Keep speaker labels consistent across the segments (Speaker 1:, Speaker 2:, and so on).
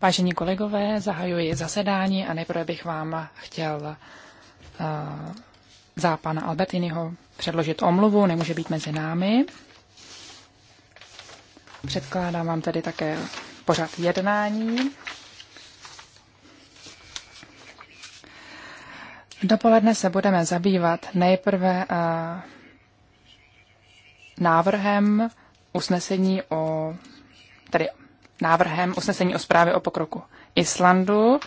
Speaker 1: Vážení kolegové, zahajuji zasedání a nejprve bych vám chtěl eh, za pana Albertiniho předložit omluvu, nemůže být mezi námi. Předkládám vám tedy také pořad jednání. Dopoledne se budeme zabývat nejprve eh, návrhem usnesení o, tedy návrhem usnesení o zprávě o pokroku Islandu.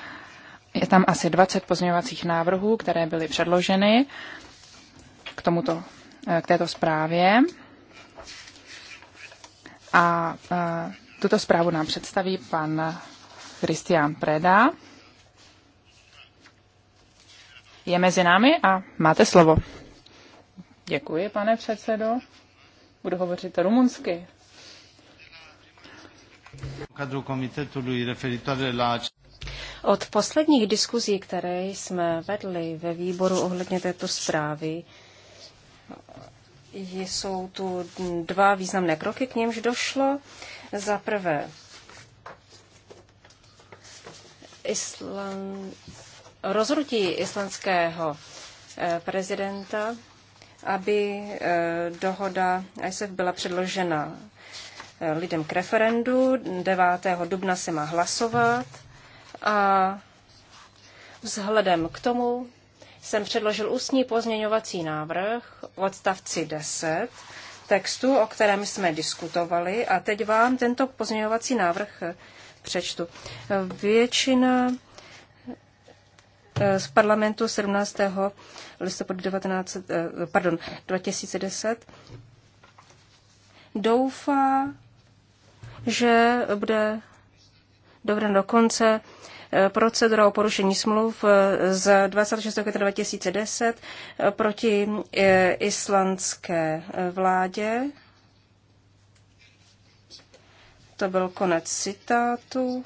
Speaker 1: Je tam asi 20 pozměňovacích návrhů, které byly předloženy k, tomuto, eh, k této zprávě. A, a eh, tuto zprávu nám představí pan Christian Preda. Je mezi námi a máte slovo. Děkuji, pane předsedo. Budu hovořit rumunsky.
Speaker 2: Od posledních diskuzí, které jsme vedli ve výboru ohledně této zprávy, jsou tu dva významné kroky, k němž došlo. Za prvé, Islán... rozhodnutí islandského eh, prezidenta aby eh, dohoda ISF byla předložena eh, lidem k referendu. 9. dubna se má hlasovat a vzhledem k tomu jsem předložil ústní pozměňovací návrh v odstavci 10 textu, o kterém jsme diskutovali a teď vám tento pozměňovací návrh eh, přečtu. Většina Eh, z parlamentu 17. listopadu 19, eh, pardon, 2010 doufá, že bude dobré do konce eh, procedura o porušení smluv z 26. května 2010 proti islandské vládě. To byl konec citátu.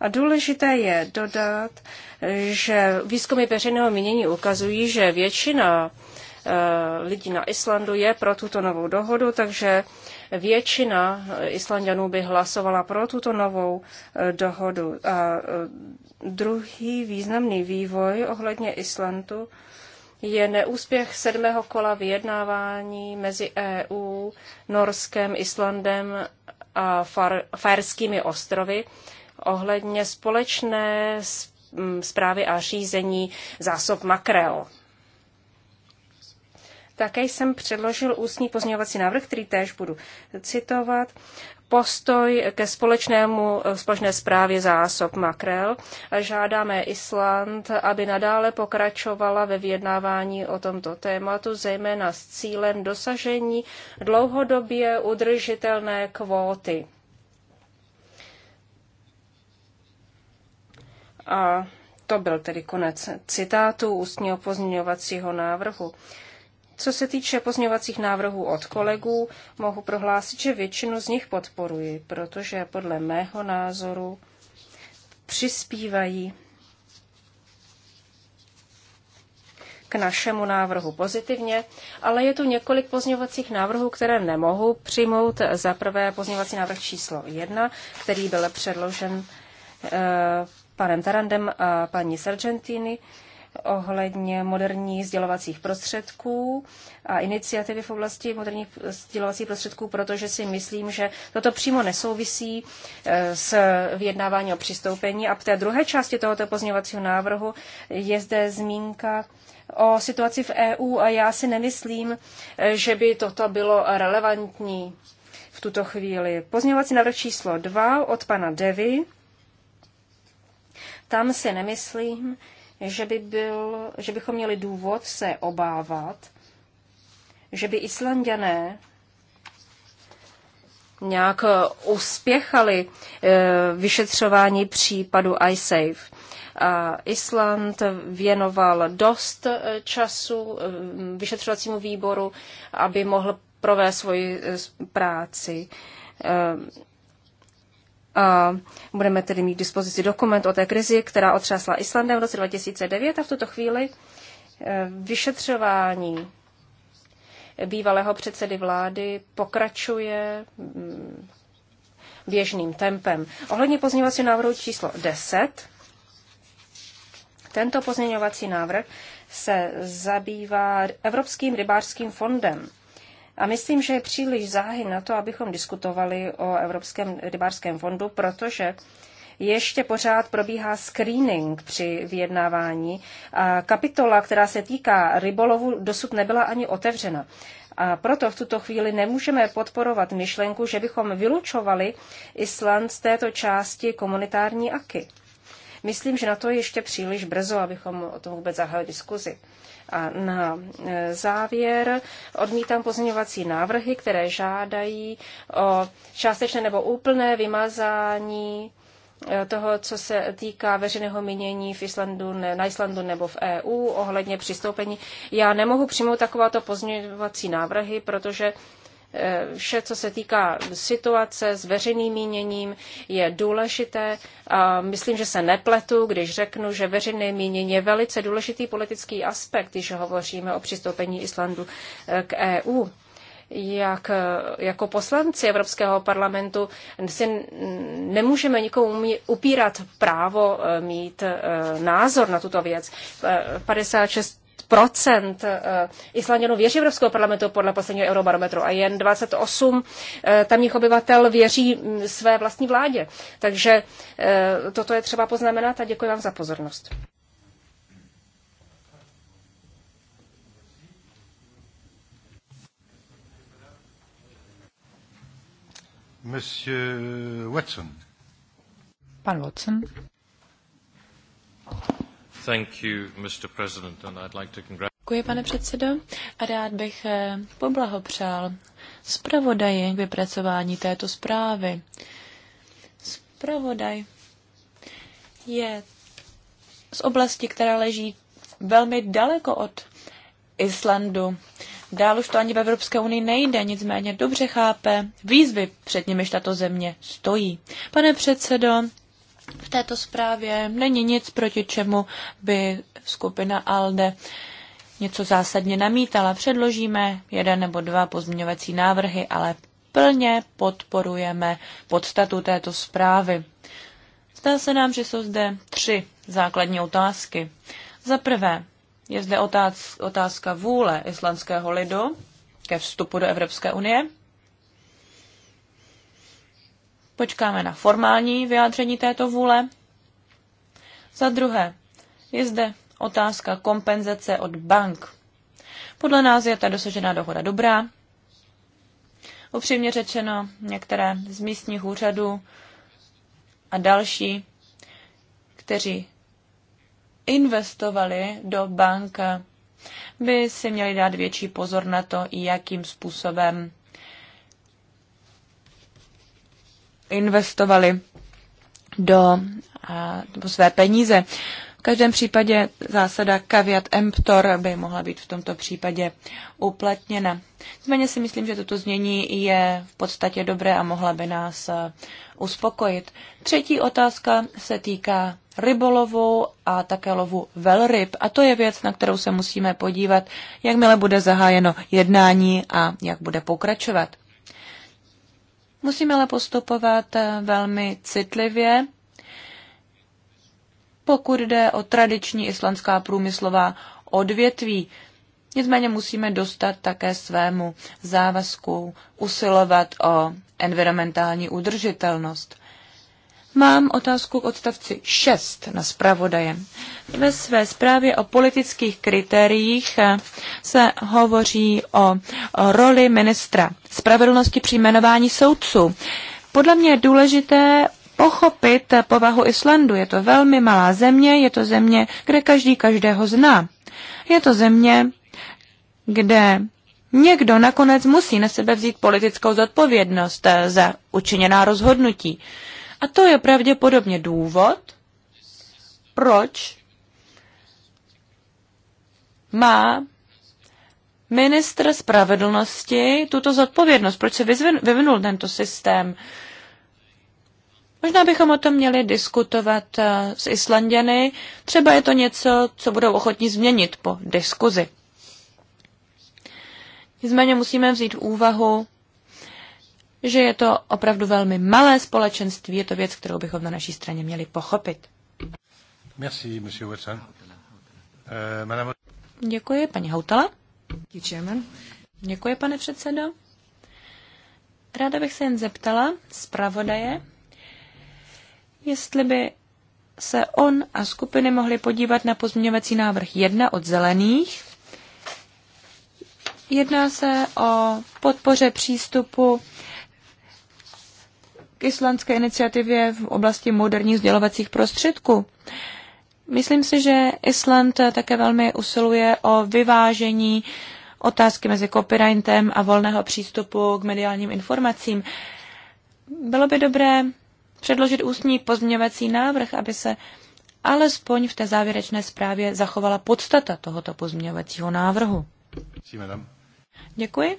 Speaker 2: A důležité je dodat, že výzkumy veřejného mínění ukazují, že většina eh, lidí na Islandu je pro tuto novou dohodu, takže většina Islandianů by hlasovala pro tuto novou eh, dohodu. A eh, druhý významný vývoj ohledně Islandu je neúspěch sedmého kola vyjednávání mezi EU, Norskem, Islandem a Far- Farskými ostrovy, ohledně společné zprávy a řízení zásob makrel. Také jsem předložil ústní pozměňovací návrh, který též budu citovat. Postoj ke společnému, e, společné zprávě zásob makrel. Žádáme Island, aby nadále pokračovala ve vyjednávání o tomto tématu, zejména s cílem dosažení dlouhodobě udržitelné kvóty A to byl tedy konec citátu ústního pozměňovacího návrhu. Co se týče pozměňovacích návrhů od kolegů, mohu prohlásit, že většinu z nich podporuji, protože podle mého názoru přispívají k našemu návrhu pozitivně, ale je tu několik pozměňovacích návrhů, které nemohu přijmout. Za prvé pozměňovací návrh číslo 1, který byl předložen eh, panem Tarandem a paní Sargentini ohledně moderních sdělovacích prostředků a iniciativy v oblasti moderních sdělovacích prostředků, protože si myslím, že toto přímo nesouvisí e, s vyjednávání o přistoupení. A v té druhé části tohoto pozměňovacího návrhu je zde zmínka o situaci v EU a já si nemyslím, e, že by toto bylo relevantní v tuto chvíli. Pozměňovací návrh číslo 2 od pana Devy tam si nemyslím, že, by byl, že bychom měli důvod se obávat, že by Islandané nějak eh, uspěchali eh, vyšetřování případu iSafe. A Island věnoval dost eh, času vyšetřovacímu výboru, aby mohl provést svoji práci. A budeme tedy mít k dispozici dokument o té krizi, která otřásla Islandem v roce 2009 a v tuto chvíli e, vyšetřování bývalého předsedy vlády pokračuje mm, běžným tempem. Ohledně pozměňovacího návrhu číslo 10, tento pozměňovací návrh se zabývá Evropským rybářským fondem. A myslím, že je příliš záhy na to, abychom diskutovali o Evropském rybářském fondu, protože ještě pořád probíhá screening při vyjednávání. A kapitola, která se týká rybolovu, dosud nebyla ani otevřena. A proto v tuto chvíli nemůžeme podporovat myšlenku, že bychom vylučovali Island z této části komunitární aky. Myslím, že na to je ještě příliš brzo, abychom o tom vůbec zahájili diskuzi. A na e, závěr odmítám pozměňovací návrhy, které žádají o částečné nebo úplné vymazání e, toho, co se týká veřejného mínění v Islandu, na Islandu nebo v EU ohledně přistoupení. Já nemohu přijmout takováto pozměňovací návrhy, protože Eh, vše, co se týká situace s veřejným míněním, je důležité. A myslím, že se nepletu, když řeknu, že veřejné mínění je velice důležitý politický aspekt, když hovoříme o přistoupení Islandu eh, k EU jak eh, jako poslanci Evropského parlamentu si nemůžeme nikomu upírat právo mít názor na tuto věc. 56 procent eh, Islanděnů věří Evropského parlamentu podle posledního eurobarometru a jen 28 eh, tamních obyvatel věří mm, své vlastní vládě. Takže eh, toto je třeba poznamenat a děkuji vám za pozornost.
Speaker 1: Monsieur Watson. Pan Watson.
Speaker 3: Děkuji, pane předsedo, a rád bych eh, poblahopřál zpravodaji k vypracování této zprávy. Zpravodaj je z oblasti, která leží velmi daleko od Islandu. Dál už to ani v Evropské unii nejde, nicméně dobře chápe výzvy, před nimiž tato země stojí. Pane předsedo, v této zprávě není nic, proti čemu by skupina ALDE něco zásadně namítala. Předložíme jeden nebo dva pozměňovací návrhy, ale plně podporujeme podstatu této zprávy. Zdá se nám, že jsou zde tři základní otázky. Za prvé, je zde otázka vůle islandského lidu ke vstupu do Evropské unie. Počkáme na formální vyjádření této vůle. Za druhé, je zde otázka kompenzace od bank. Podle nás je ta dosažená dohoda dobrá. Upřímně řečeno, některé z místních úřadů a další, kteří investovali do bank, by si měli dát větší pozor na to, jakým způsobem investovali do, do své peníze. V každém případě zásada caveat emptor by mohla být v tomto případě uplatněna. Nicméně si myslím, že toto změní je v podstatě dobré a mohla by nás e, uspokojit. Třetí otázka se týká rybolovu a také lovu velryb. A to je věc, na kterou se musíme podívat, jakmile bude zahájeno jednání a jak bude pokračovat. Musíme ale postupovat eh, velmi citlivě, pokud jde o tradiční islandská průmyslová odvětví. Nicméně musíme dostat také svému závazku usilovat o environmentální udržitelnost. Mám otázku k odstavci 6 na zpravodaje. Ve své zprávě o politických kritériích eh, se hovoří o roli ministra spravedlnosti při jmenování soudců. Podle mě je důležité pochopit povahu Islandu. Je to velmi malá země, je to země, kde každý každého zná. Je to země, kde někdo nakonec musí na sebe vzít politickou zodpovědnost eh, za učiněná rozhodnutí. A to je pravděpodobně důvod, proč má ministr spravedlnosti tuto zodpovědnost, proč se vyvinul tento systém. Možná bychom o tom měli diskutovat eh, s Islanděny. Třeba je to něco, co budou ochotní změnit po diskuzi. Nicméně musíme vzít v úvahu že je to opravdu velmi malé společenství, je to věc, kterou bychom na naší straně měli pochopit.
Speaker 1: Merci, monsieur Watson. Uh, madame...
Speaker 3: Děkuji, paní Houtala. Děkuji, pane předsedo. Ráda bych se jen zeptala zpravodaje, jestli by se on a skupiny mohli podívat na pozměňovací návrh 1 od zelených. Jedná se o podpoře přístupu k islandské iniciativě v oblasti moderních sdělovacích prostředků. Myslím si, že Island také velmi usiluje o vyvážení otázky mezi copyrightem a volného přístupu k mediálním informacím. Bylo by dobré předložit ústní pozměňovací návrh, aby se alespoň v té závěrečné zprávě zachovala podstata tohoto pozměňovacího návrhu. Děkuji.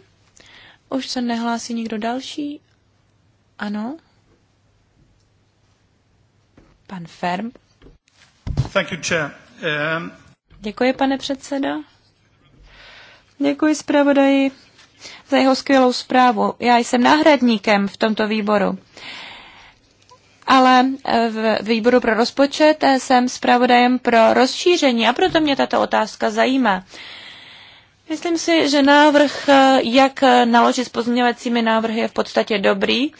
Speaker 3: Už se nehlásí nikdo další? Ano. Pan Ferm.
Speaker 1: Thank you, chair. Um...
Speaker 3: Děkuji, pane předsedo. Děkuji zpravodaji za jeho skvělou zprávu. Já jsem náhradníkem v tomto výboru ale eh, v výboru pro rozpočet eh, jsem zpravodajem pro rozšíření a proto mě tato otázka zajímá. Myslím si, že návrh, eh, jak naložit s pozměňovacími návrhy, je v podstatě dobrý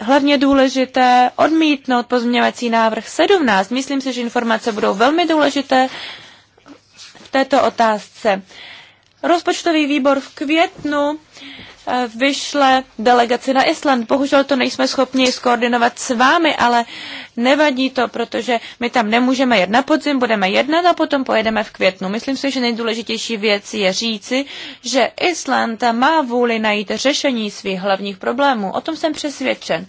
Speaker 3: hlavně důležité odmítnout pozměňovací návrh 17. Myslím si, že informace budou velmi důležité v této otázce. Rozpočtový výbor v květnu Eh, vyšle delegaci na Island. Bohužel to nejsme schopni skoordinovat s vámi, ale nevadí to, protože my tam nemůžeme jet na podzim, budeme jednat a potom pojedeme v květnu. Myslím si, že nejdůležitější věc je říci, že Island má vůli najít řešení svých hlavních problémů. O tom jsem přesvědčen. Uh,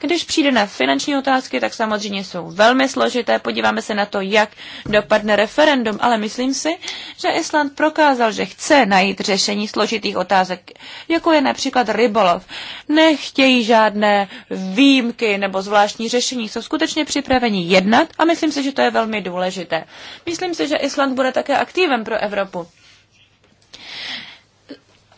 Speaker 3: když přijde na finanční otázky, tak samozřejmě jsou velmi složité. Podíváme se na to, jak dopadne referendum, ale myslím si, že Island prokázal, že chce najít řešení složitých otázek, jako je například rybolov. Nechtějí žádné výjimky nebo zvláštní řešení, jsou skutečně připraveni jednat a myslím si, že to je velmi důležité. Myslím si, že Island bude také aktivem pro Evropu.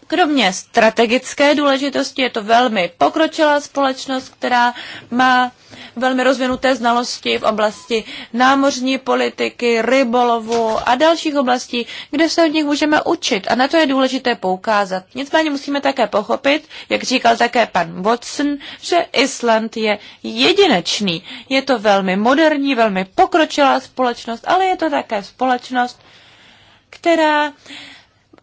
Speaker 3: Kromě strategické důležitosti je to velmi pokročilá společnost, která má velmi rozvinuté znalosti v oblasti námořní politiky, rybolovu a dalších oblastí, kde se od nich můžeme učit. A na to je důležité poukázat. Nicméně musíme také pochopit, jak říkal také pan Watson, že Island je jedinečný. Je to velmi moderní, velmi pokročilá společnost, ale je to také společnost, která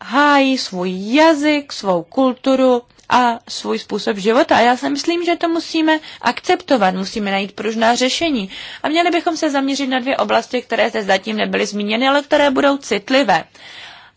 Speaker 3: hájí svůj jazyk, svou kulturu a svůj způsob života. A já si myslím, že to musíme akceptovat, musíme najít pružná řešení. A měli bychom se zaměřit na dvě oblasti, které zde zatím nebyly zmíněny, ale které budou citlivé.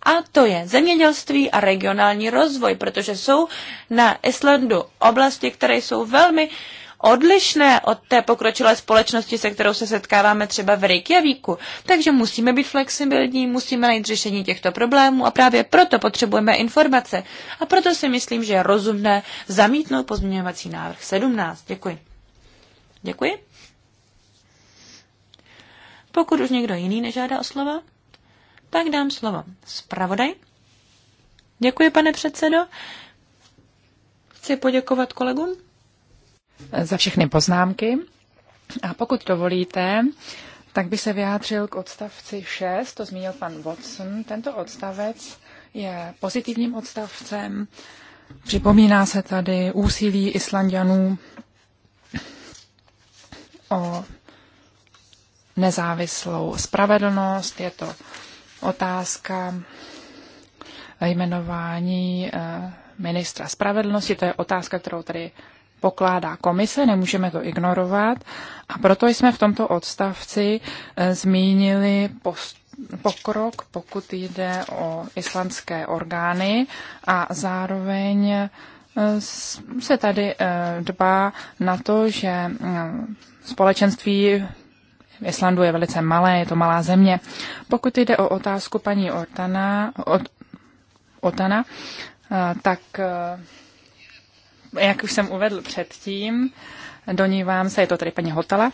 Speaker 3: A to je zemědělství a regionální rozvoj, protože jsou na Islandu oblasti, které jsou velmi uh, odlišné od té pokročilé společnosti, se kterou se setkáváme třeba v Reykjavíku. Takže musíme být flexibilní, musíme najít řešení těchto problémů a právě proto potřebujeme informace. A proto si myslím, že je rozumné zamítnout pozměňovací návrh 17. Děkuji. Děkuji. Pokud už někdo jiný nežádá o slovo, tak dám slovo zpravodaj. Děkuji, pane předsedo. Chci poděkovat kolegům za
Speaker 1: všechny poznámky. A pokud dovolíte, tak by se vyjádřil k odstavci 6, to zmínil pan Watson. Tento odstavec je pozitivním odstavcem. Připomíná se tady úsilí Islandianů o nezávislou spravedlnost. Je to otázka jmenování eh, ministra spravedlnosti. To je otázka, kterou tady pokládá komise, nemůžeme to ignorovat a proto jsme v tomto odstavci e, zmínili post pokrok, pokud jde o islandské orgány a zároveň e, se tady e, dbá na to, že společenství v Islandu je velice malé, je to malá země. Pokud jde o otázku paní Ortana, od, Otana, tak jak už jsem uvedl předtím, do vám se, je to tady paní Hotela,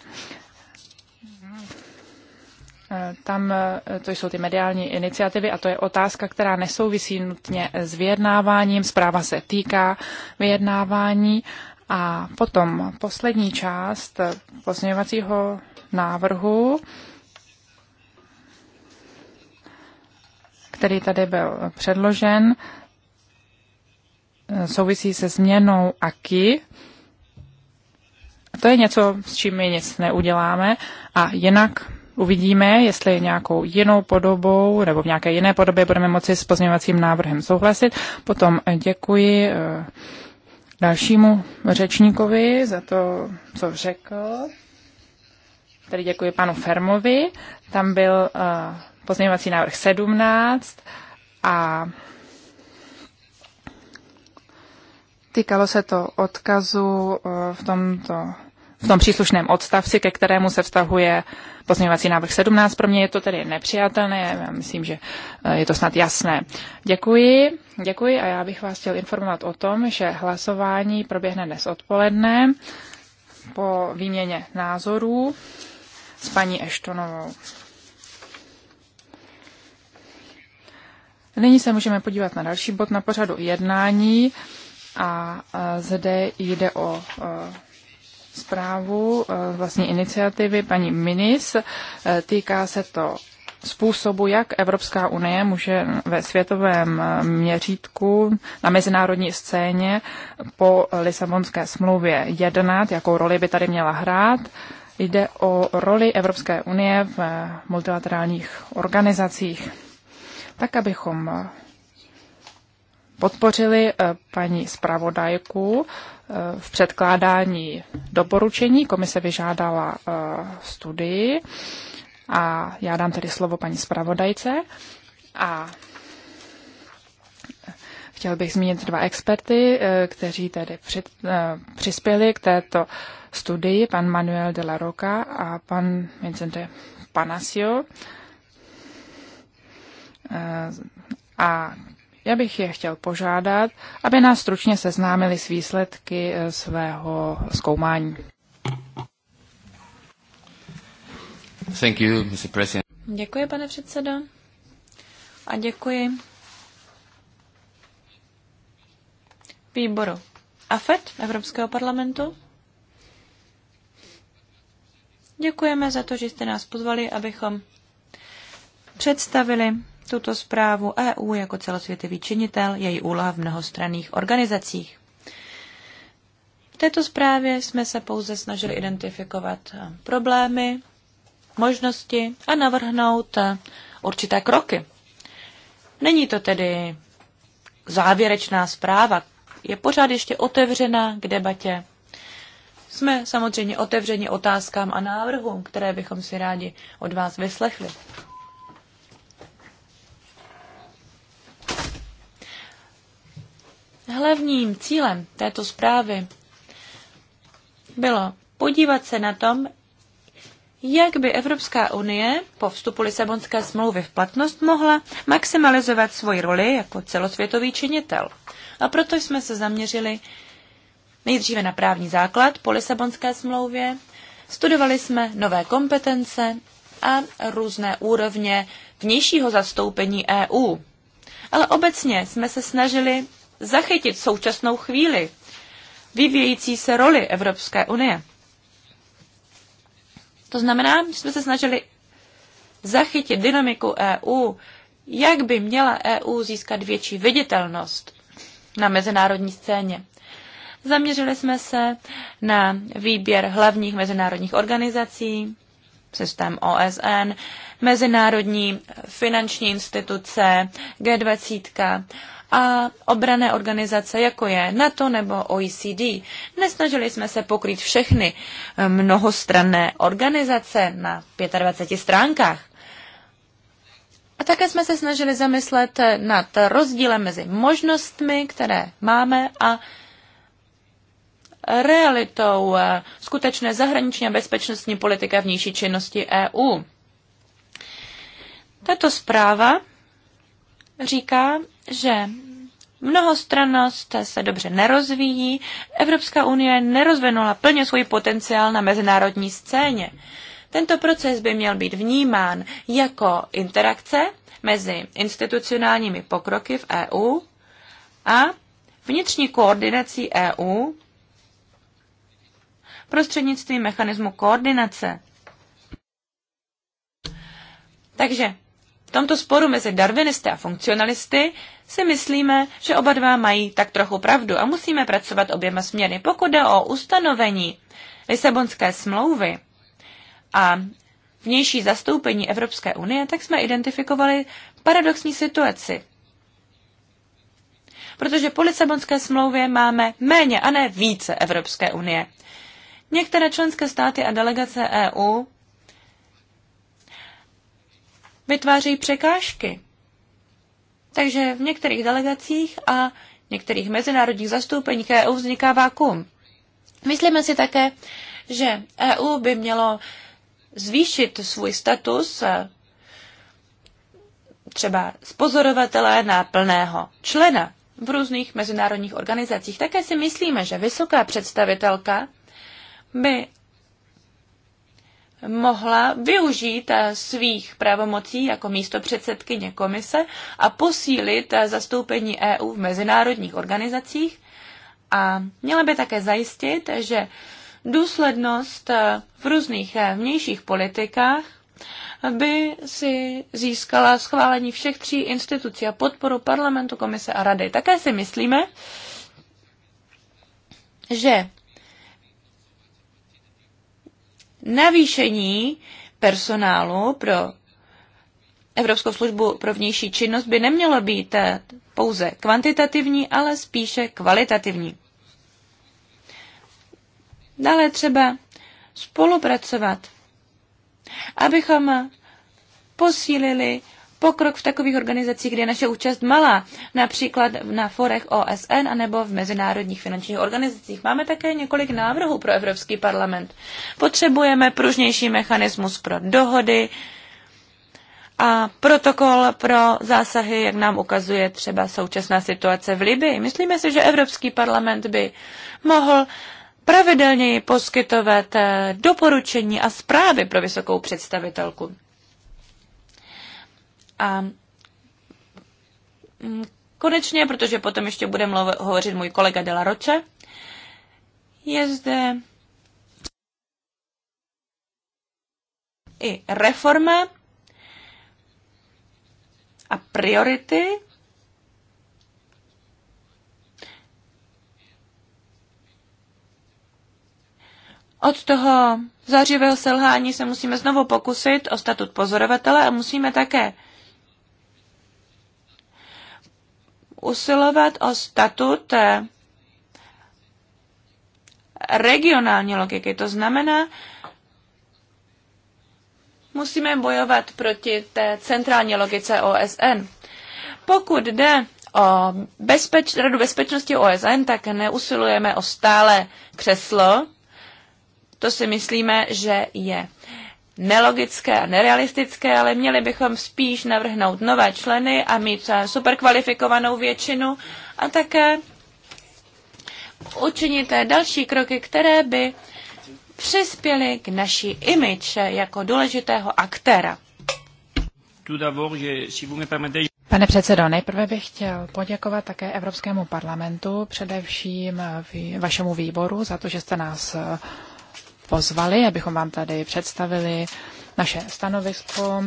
Speaker 1: tam eh, to jsou ty mediální iniciativy a to je otázka, která nesouvisí nutně s vyjednáváním. Zpráva se týká vyjednávání. A potom poslední část pozměňovacího návrhu, který tady byl předložen, souvisí se změnou aky To je něco, s čím my nic neuděláme a jinak uvidíme, jestli nějakou jinou podobou nebo v nějaké jiné podobě budeme moci s pozměňovacím návrhem souhlasit. Potom děkuji eh, dalšímu řečníkovi za to, co řekl. Tady děkuji panu Fermovi. Tam byl eh, pozměňovací návrh 17 a Týkalo se to odkazu eh, v tomto v tom příslušném odstavci, ke kterému se vztahuje pozměňovací návrh 17. Pro mě je to tedy nepřijatelné, já myslím, že eh, je to snad jasné. Děkuji, děkuji a já bych vás chtěl informovat o tom, že hlasování proběhne dnes odpoledne po výměně názorů s paní Eštonovou. Nyní se můžeme podívat na další bod na pořadu jednání. A zde jde o zprávu vlastní iniciativy paní Minis. Týká se to způsobu, jak Evropská unie může ve světovém měřítku na mezinárodní scéně po Lisabonské smlouvě jednat, jakou roli by tady měla hrát. Jde o roli Evropské unie v multilaterálních organizacích, tak abychom podpořili eh, paní zpravodajku eh, v předkládání doporučení. Komise vyžádala eh, studii a já dám tedy slovo paní zpravodajce. A chtěl bych zmínit dva experty, kteří tedy přispěli k této studii, pan Manuel de la Roca a pan Vincente Panasio. A já bych je chtěl požádat, aby nás stručně seznámili s výsledky eh, svého zkoumání.
Speaker 3: Thank you, Mr. President. Děkuji, pane předsedo. A děkuji výboru AFET Evropského parlamentu. Děkujeme za to, že jste nás pozvali, abychom představili tuto zprávu EU jako celosvětový činitel, její úloha v mnohostranných organizacích. V této zprávě jsme se pouze snažili identifikovat eh, problémy, možnosti a navrhnout eh, určité kroky. Není to tedy závěrečná zpráva, je pořád ještě otevřená k debatě. Jsme samozřejmě otevřeni otázkám a návrhům, které bychom si rádi od vás vyslechli. Hlavním cílem této zprávy bylo podívat se na tom, jak by Evropská unie po vstupu Lisabonské smlouvy v platnost mohla maximalizovat svoji roli jako celosvětový činitel. A proto jsme se zaměřili nejdříve na právní základ po Lisabonské smlouvě, studovali jsme nové kompetence a různé úrovně vnějšího zastoupení EU. Ale obecně jsme se snažili zachytit současnou chvíli, vyvíjející se roli Evropské unie. To znamená, že jsme se snažili zachytit dynamiku EU, jak by měla EU získat větší viditelnost na mezinárodní scéně. Zaměřili jsme se na výběr hlavních mezinárodních organizací, systém OSN, mezinárodní finanční instituce, G20 a obrané organizace, jako je NATO nebo OECD. Nesnažili jsme se pokrýt všechny eh, mnohostranné organizace na 25 stránkách. A také jsme se snažili zamyslet nad rozdílem mezi možnostmi, které máme a realitou eh, skutečné zahraniční a bezpečnostní politiky vnější činnosti EU. Tato zpráva říká, že mnohostrannost se dobře nerozvíjí, Evropská unie nerozvinula plně svůj potenciál na mezinárodní scéně. Tento proces by měl být vnímán jako interakce mezi institucionálními pokroky v EU a vnitřní koordinací EU prostřednictvím mechanismu koordinace. Takže tomto sporu mezi darvinisty a funkcionalisty si myslíme, že oba dva mají tak trochu pravdu a musíme pracovat oběma směry. Pokud jde o ustanovení Lisabonské smlouvy a vnější zastoupení Evropské unie, tak jsme identifikovali paradoxní situaci. Protože po Lisabonské smlouvě máme méně a ne více Evropské unie. Některé členské státy a delegace EU vytvářejí překážky. Takže v některých delegacích a některých mezinárodních zastoupeních EU vzniká vákum. Myslíme si také, že EU by mělo zvýšit svůj status eh, třeba z pozorovatele na plného člena v různých mezinárodních organizacích. Také si myslíme, že vysoká představitelka by mohla využít eh, svých pravomocí jako místo předsedkyně komise a posílit eh, zastoupení EU v mezinárodních organizacích a měla by také zajistit, že důslednost eh, v různých vnějších politikách by si získala schválení všech tří institucí a podporu parlamentu, komise a rady. Také si myslíme, že navýšení personálu pro Evropskou službu pro vnější činnost by nemělo být pouze kvantitativní, ale spíše kvalitativní. Dále třeba spolupracovat, abychom posílili pokrok v takových organizacích, kde je naše účast malá, například na forech OSN anebo v mezinárodních finančních organizacích. Máme také několik návrhů pro Evropský parlament. Potřebujeme pružnější mechanismus pro dohody, a protokol pro zásahy, jak nám ukazuje třeba současná situace v Libii. Myslíme si, že Evropský parlament by mohl pravidelněji poskytovat eh, doporučení a zprávy pro vysokou představitelku. A mm, konečně, protože potom ještě bude mluvit hovořit můj kolega Dela Roče, je zde i reforma a priority Od toho zářivého selhání se musíme znovu pokusit o statut pozorovatele a musíme také usilovat o statut eh, regionální logiky. To znamená, musíme bojovat proti té centrální logice OSN. Pokud jde o bezpeč, Radu bezpečnosti OSN, tak neusilujeme o stále křeslo. To si myslíme, že je nelogické a nerealistické, ale měli bychom spíš navrhnout nové členy a mít eh, superkvalifikovanou většinu a také učinit eh, další kroky, které by přispěly k naší image jako důležitého aktéra. Pane
Speaker 1: předsedo, nejprve bych chtěl poděkovat také Evropskému parlamentu, především eh, vašemu výboru za to, že jste nás pozvali, abychom vám tady představili naše stanovisko.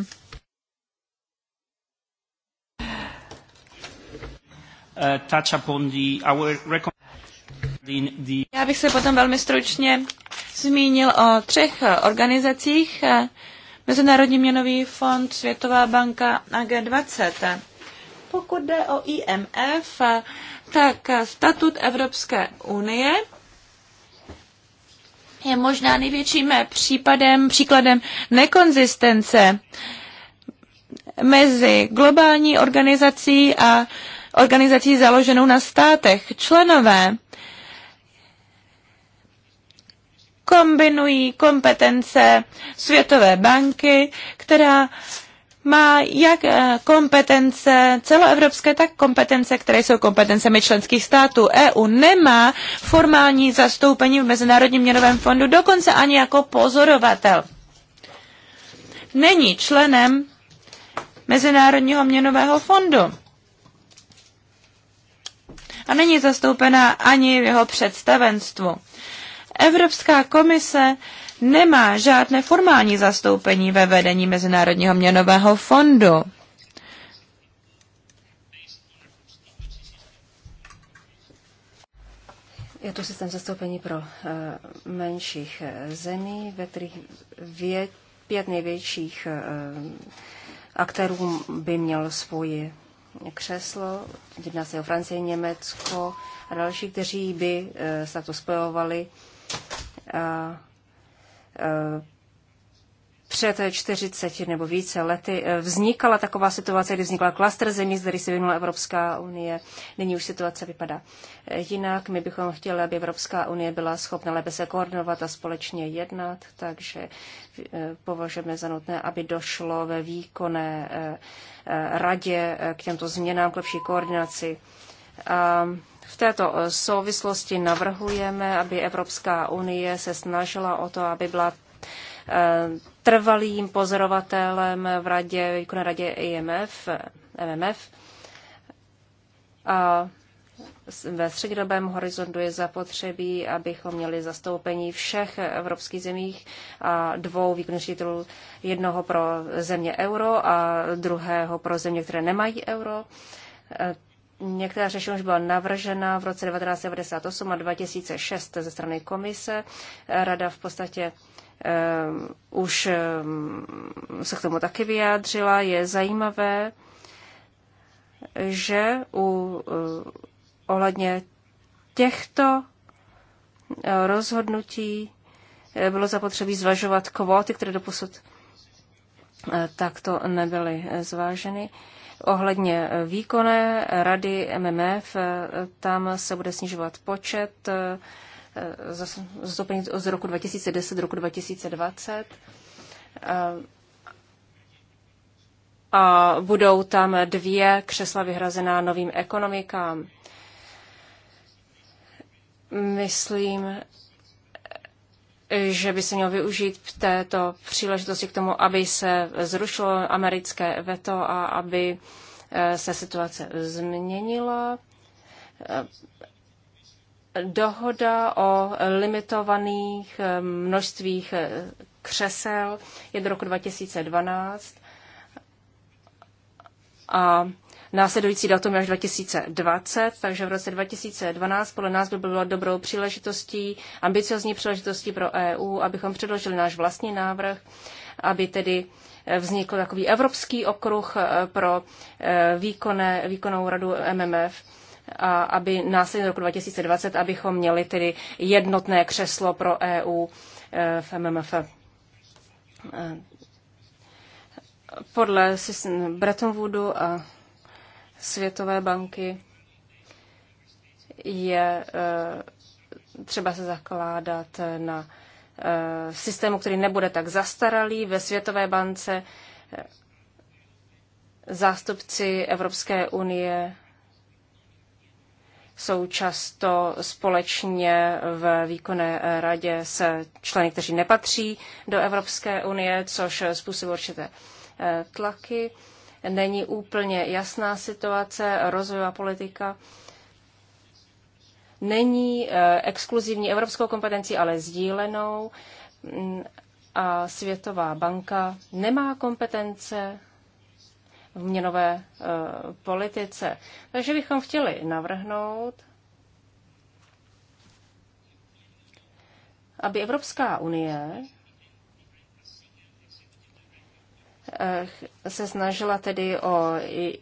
Speaker 1: Uh, Já bych se potom
Speaker 3: velmi stručně zmínil o třech organizacích. Mezinárodní měnový fond, Světová banka a G20. Pokud jde o IMF, tak statut Evropské unie je možná největším případem, příkladem nekonzistence mezi globální organizací a organizací založenou na státech. Členové kombinují kompetence Světové banky, která má jak eh, kompetence celoevropské, tak kompetence, které jsou kompetencemi členských států. EU nemá formální zastoupení v Mezinárodním měnovém fondu, dokonce ani jako pozorovatel. Není členem Mezinárodního měnového fondu. A není zastoupena ani v jeho představenstvu. Evropská komise nemá žádné formální zastoupení ve vedení Mezinárodního měnového fondu.
Speaker 2: Je to systém zastoupení pro eh, menších eh, zemí, ve kterých vě, pět největších eh, aktérů by měl svoji křeslo. Jedná se o Francii, Německo a další, kteří by se to spojovali Eh, před 40 nebo více lety eh, vznikala taková situace, kdy vznikla klaster zemí, z kterých se vyvinula Evropská unie. Nyní už situace vypadá eh, jinak. My bychom chtěli, aby Evropská unie byla schopna lépe se koordinovat a společně jednat, takže považujeme za nutné, aby došlo ve výkonné radě k těmto změnám, k lepší koordinaci Ehm, v této eh, souvislosti navrhujeme, aby Evropská unie se snažila o to, aby byla eh, trvalým pozorovatelem v radě, výkonné radě IMF, MMF. A ve střednědobém horizontu je zapotřebí, abychom měli zastoupení všech evropských zemích a dvou výkonných titulů, jednoho pro země euro a druhého pro země, které nemají euro. Eh, Některá řešení už byla navržena v roce 1998 a 2006 ze strany komise. Rada v podstatě um, už um, se k tomu taky vyjádřila. Je zajímavé, že u, uh, ohledně těchto rozhodnutí bylo zapotřebí zvažovat kvóty, které doposud takto nebyly zváženy. Uh, Ohledně eh, výkonné rady MMF, eh, tam se bude snižovat počet eh, z roku 2010 do roku 2020. A budou tam dvě křesla vyhrazená novým ekonomikám. Myslím, že by se měl využít v této příležitosti k tomu, aby se zrušilo americké veto a aby eh, se situace změnila. Eh, dohoda o limitovaných eh, množstvích křesel je do roku 2012 a následující datum až 2020, takže v roce 2012 podle nás by bylo dobrou příležitostí, ambiciozní příležitostí pro EU, abychom předložili náš vlastní návrh, aby tedy eh, vznikl takový evropský okruh eh, pro eh, výkonné, výkonnou radu MMF a aby následně roku 2020, abychom měli tedy jednotné křeslo pro EU v MMF. Podle Bretton Woodu a Světové banky je eh, třeba se zakládat na eh, systému, který nebude tak zastaralý. Ve Světové bance eh, zástupci Evropské unie jsou často společně v výkonné radě se členy, kteří nepatří do Evropské unie, což způsobuje určité tlaky není úplně jasná situace, rozvojová politika není eh, exkluzivní evropskou kompetencí, ale sdílenou mm, a Světová banka nemá kompetence v měnové eh, politice. Takže bychom chtěli navrhnout, aby Evropská unie Eh, se snažila tedy o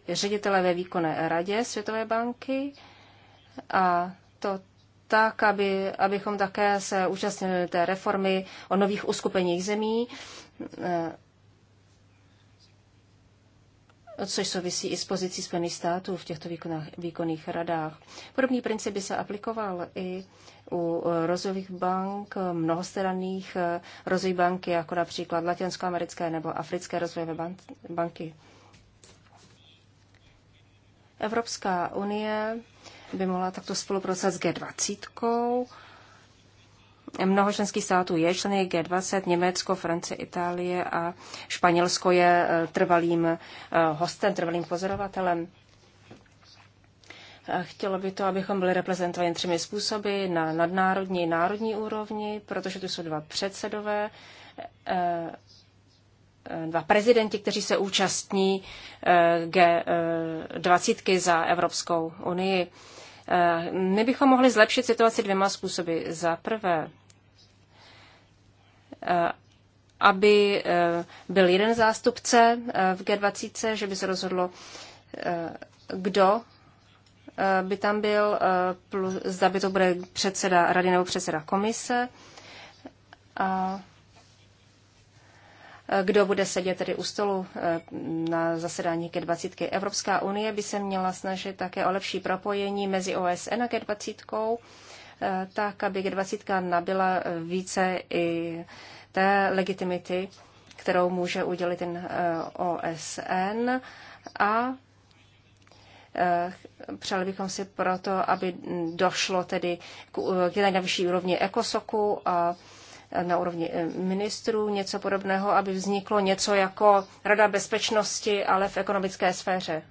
Speaker 2: ředitele ve výkonné radě Světové banky a to tak, aby, abychom také se účastnili té reformy o nových uskupeních zemí eh, což souvisí i s pozicí Spojených států v těchto výkonách, výkonných radách. Podobný princip by se aplikoval i u rozvojových bank, mnohostranných rozvojových banky, jako například latinskoamerické nebo africké rozvojové banky. Evropská unie by mohla takto spolupracovat s G20, Mnoho členských států je členy G20, Německo, Francie, Itálie a Španělsko je e, trvalým e, hostem, trvalým pozorovatelem. Chtělo by to, abychom byli reprezentováni třemi způsoby, na nadnárodní i národní úrovni, protože tu jsou dva předsedové, e, dva prezidenti, kteří se účastní G20 za Evropskou unii. My bychom mohli zlepšit situaci dvěma způsoby. Za prvé, Eh, aby eh, byl jeden zástupce eh, v G20, že by se rozhodlo, kdo by tam byl, zda by to bude předseda rady nebo předseda komise. A kdo bude sedět tedy u stolu na zasedání G20. Evropská unie by se měla snažit také o lepší propojení mezi OSN a G20 Eh, tak aby G20 nabyla eh, více i té legitimity, kterou může udělit ten eh, OSN a Přáli bychom si proto, aby došlo tedy k nejvyšší úrovni ekosoku a na úrovni ministrů něco podobného, aby vzniklo něco jako Rada bezpečnosti, ale v ekonomické sféře.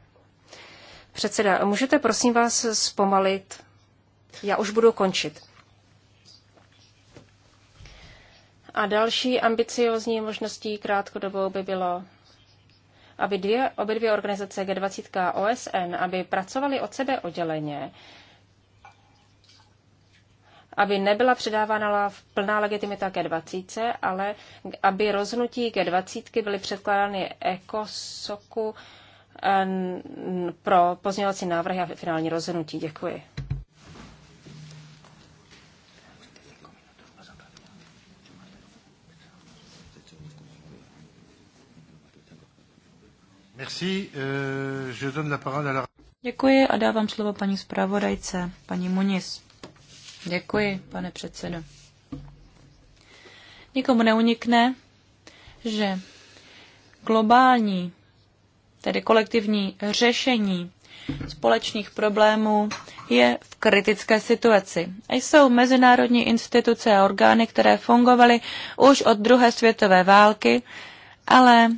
Speaker 2: Předseda, můžete prosím vás zpomalit? Já už budu končit. A další ambiciozní možností krátkodobou by bylo, aby dvě, obě dvě organizace G20 a OSN, aby pracovali od sebe odděleně, aby nebyla předávána plná legitimita G20, ale aby rozhodnutí G20 byly předkládány ECOSOKu pro pozměňovací návrhy a finální rozhodnutí. Děkuji.
Speaker 1: Euh,
Speaker 3: Děkuji a dávám slovo paní zpravodajce, paní Muniz. Děkuji, pane předsedo. Nikomu neunikne, že globální, tedy kolektivní řešení společných problémů je v kritické situaci. A jsou mezinárodní instituce a orgány, které fungovaly už od druhé světové války, ale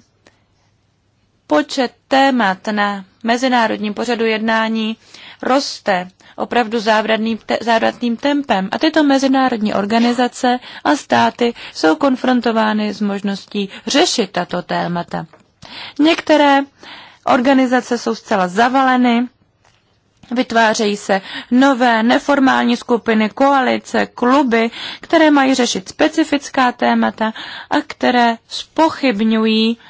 Speaker 3: počet témat na mezinárodním pořadu jednání roste opravdu závratným, te, závratným tempem a tyto mezinárodní organizace a státy jsou konfrontovány s možností řešit tato témata. Některé organizace jsou zcela zavaleny, Vytvářejí se nové neformální skupiny, koalice, kluby, které mají řešit specifická témata a které spochybňují uh,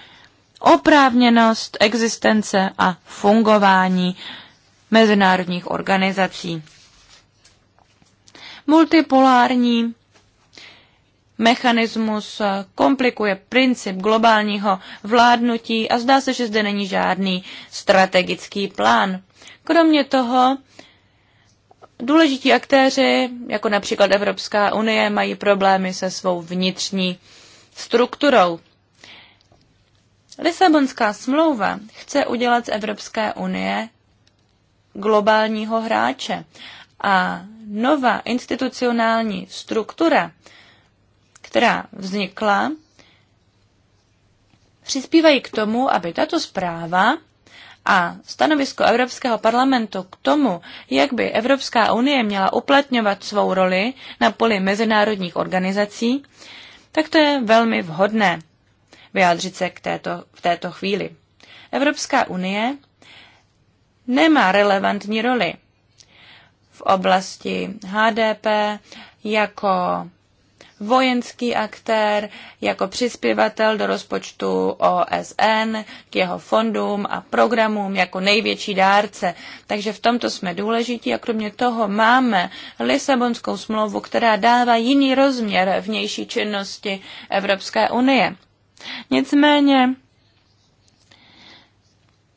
Speaker 3: oprávněnost existence a fungování mezinárodních organizací. Multipolární mechanismus komplikuje princip globálního vládnutí a zdá se, že zde není žádný strategický plán. Kromě toho, důležití aktéři, jako například Evropská unie, mají problémy se svou vnitřní strukturou. Lisabonská smlouva chce udělat z Evropské unie globálního hráče a nová institucionální struktura, která vznikla, přispívají k tomu, aby tato zpráva a stanovisko Evropského parlamentu k tomu, jak by Evropská unie měla uplatňovat svou roli na poli mezinárodních organizací, tak to je velmi vhodné vyjádřit se k této, v této chvíli. Evropská unie nemá relevantní roli v oblasti HDP jako vojenský aktér, jako přispěvatel do rozpočtu OSN, k jeho fondům a programům, jako největší dárce. Takže v tomto jsme důležití a kromě toho máme Lisabonskou smlouvu, která dává jiný rozměr vnější činnosti Evropské unie. Nicméně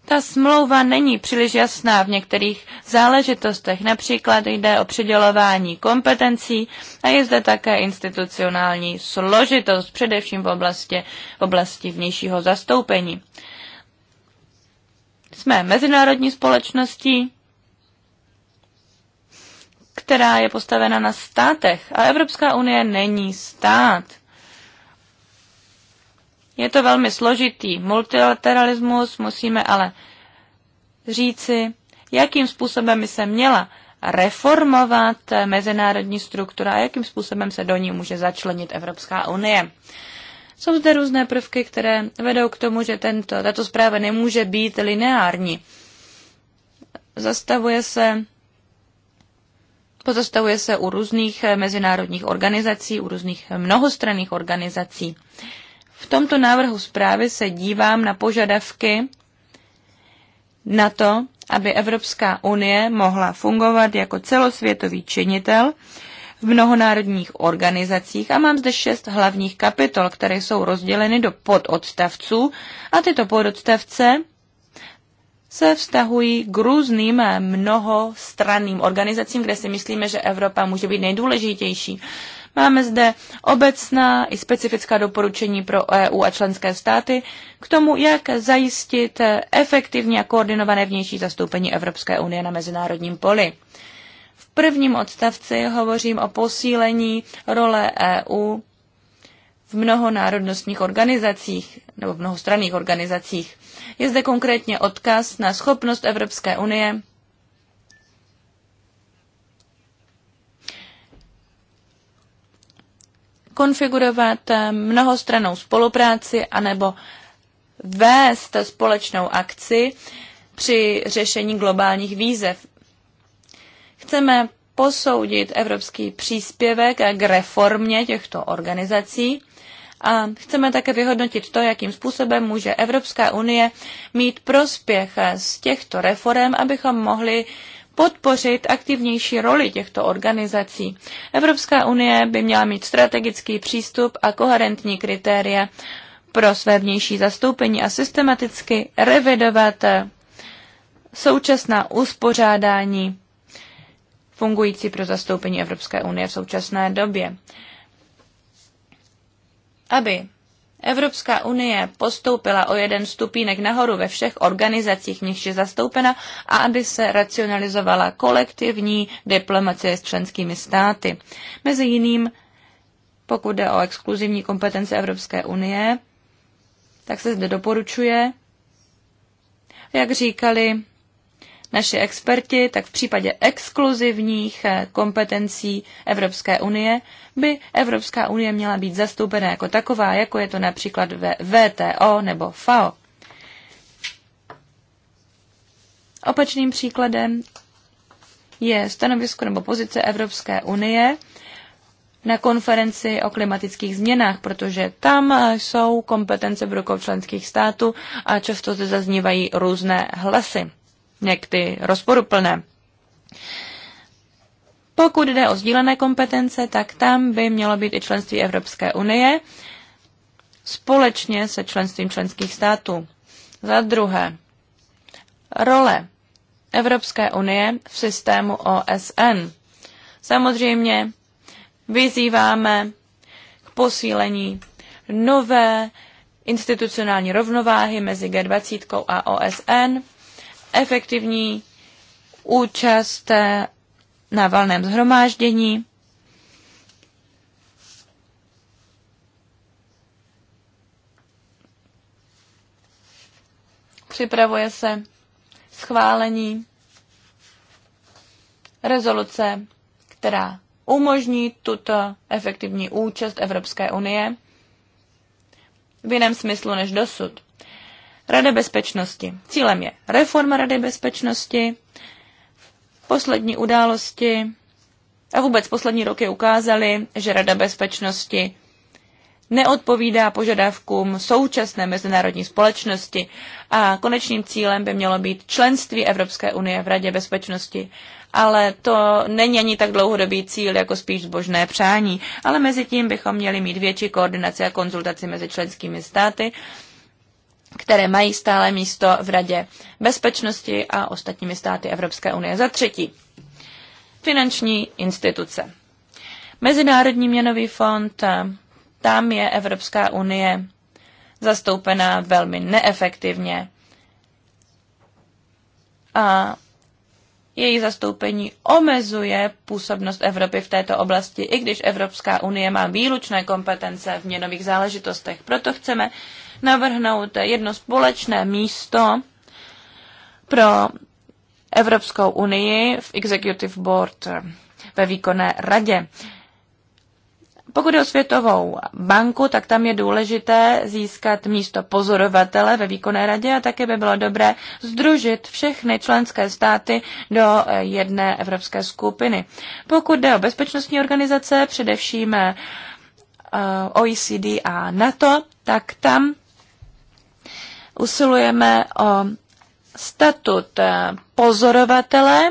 Speaker 3: ta smlouva není příliš jasná v některých záležitostech, například jde o přidělování kompetencí a je zde také institucionální složitost, především v oblasti, v oblasti vnějšího zastoupení. Jsme mezinárodní společností, která je postavena na státech a Evropská unie není stát. Je to velmi složitý multilateralismus, musíme ale říci, jakým způsobem by se měla reformovat mezinárodní struktura a jakým způsobem se do ní může začlenit Evropská unie. Jsou zde různé prvky, které vedou k tomu, že tento, tato zpráva nemůže být lineární. Zastavuje se pozastavuje se u různých mezinárodních organizací, u různých mnohostranných organizací. Uh, v tomto návrhu zprávy se dívám na požadavky na to, aby Evropská unie mohla fungovat jako celosvětový činitel v mnohonárodních organizacích a mám zde šest hlavních kapitol, které jsou rozděleny do pododstavců a tyto pododstavce se vztahují k různým mnohostranným organizacím, kde si myslíme, že Evropa může být nejdůležitější. Máme zde obecná i specifická doporučení pro EU a členské státy k tomu, jak zajistit efektivní a koordinované vnější zastoupení Evropské unie na mezinárodním poli. V prvním odstavci hovořím o posílení role EU v mnohonárodnostních organizacích nebo v mnohostranných organizacích. Je zde konkrétně odkaz na schopnost Evropské unie konfigurovat eh, mnohostranou spolupráci anebo vést společnou akci při řešení globálních výzev. Chceme posoudit evropský příspěvek k reformě těchto organizací a chceme také vyhodnotit to, jakým způsobem může Evropská unie mít prospěch z těchto reform, abychom mohli podpořit aktivnější roli těchto organizací. Evropská unie by měla mít strategický přístup a koherentní kritéria pro své vnější zastoupení a systematicky revidovat současná uspořádání fungující pro zastoupení Evropské unie v současné době. Aby Evropská unie postoupila o jeden stupínek nahoru ve všech organizacích, v nichž je zastoupena, a aby se racionalizovala kolektivní diplomacie s členskými státy. Mezi jiným, pokud jde o exkluzivní kompetence Evropské unie, tak se zde doporučuje, jak říkali naši experti, tak v případě exkluzivních eh, kompetencí Evropské unie by Evropská unie měla být zastoupena jako taková, jako je to například ve VTO nebo FAO. Opačným příkladem je stanovisko nebo pozice Evropské unie na konferenci o klimatických změnách, protože tam eh, jsou kompetence v rukou členských států a často se zaznívají různé hlasy někdy rozporuplné. Pokud jde o sdílené kompetence, tak tam by mělo být i členství Evropské unie společně se členstvím členských států. Za druhé, role Evropské unie v systému OSN. Samozřejmě vyzýváme k posílení nové institucionální rovnováhy mezi G20 a OSN efektivní účast eh, na valném zhromáždění. Připravuje se schválení rezoluce, která umožní tuto efektivní účast Evropské unie v jiném smyslu než dosud. Rada bezpečnosti. Cílem je reforma Rady bezpečnosti, poslední události a vůbec poslední roky ukázaly, že Rada bezpečnosti neodpovídá požadavkům současné mezinárodní společnosti a konečným cílem by mělo být členství Evropské unie v Radě bezpečnosti. Ale to není ani tak dlouhodobý cíl, jako spíš zbožné přání. Ale mezi tím bychom měli mít větší koordinaci a konzultaci mezi členskými státy které mají stále místo v Radě bezpečnosti a ostatními státy Evropské unie. Za třetí, finanční instituce. Mezinárodní měnový fond, eh, tam je Evropská unie zastoupena velmi neefektivně a její zastoupení omezuje působnost Evropy v této oblasti, i když Evropská unie má výlučné kompetence v měnových záležitostech. Proto chceme navrhnout jedno společné místo pro Evropskou unii v Executive Board ve výkonné radě. Pokud je o Světovou banku, tak tam je důležité získat místo pozorovatele ve výkonné radě a také by bylo dobré združit všechny členské státy do eh, jedné evropské skupiny. Pokud jde o bezpečnostní organizace, především eh, OECD a NATO, tak tam usilujeme o statut eh, pozorovatele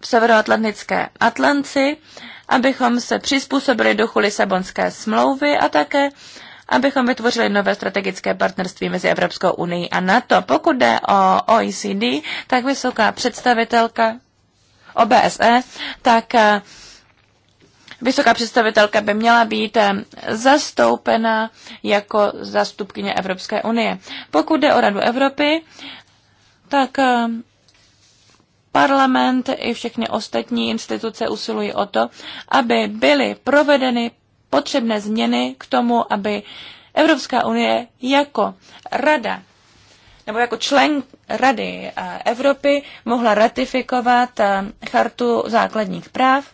Speaker 3: v severoatlantické Atlanci abychom se přizpůsobili duchu Lisabonské smlouvy a také abychom vytvořili nové strategické partnerství mezi Evropskou unii a NATO. Pokud jde o OECD, tak vysoká představitelka OBSE, tak eh, vysoká představitelka by měla být eh, zastoupena jako zastupkyně Evropské unie. Pokud jde o Radu Evropy, tak eh, parlament i všechny ostatní instituce usilují o to, aby byly provedeny potřebné změny k tomu, aby Evropská unie jako rada nebo jako člen Rady eh, Evropy mohla ratifikovat eh, chartu základních práv.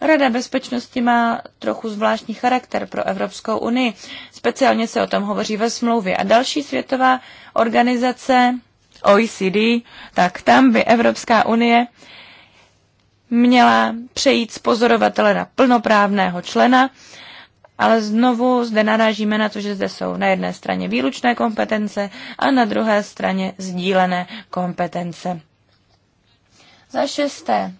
Speaker 3: Rada bezpečnosti má trochu zvláštní charakter pro Evropskou unii. Speciálně se o tom hovoří ve smlouvě. A další světová organizace OECD, tak tam by Evropská unie měla přejít z pozorovatele na plnoprávného člena, ale znovu zde narážíme na to, že zde jsou na jedné straně výlučné kompetence a na druhé straně sdílené kompetence. Za šesté,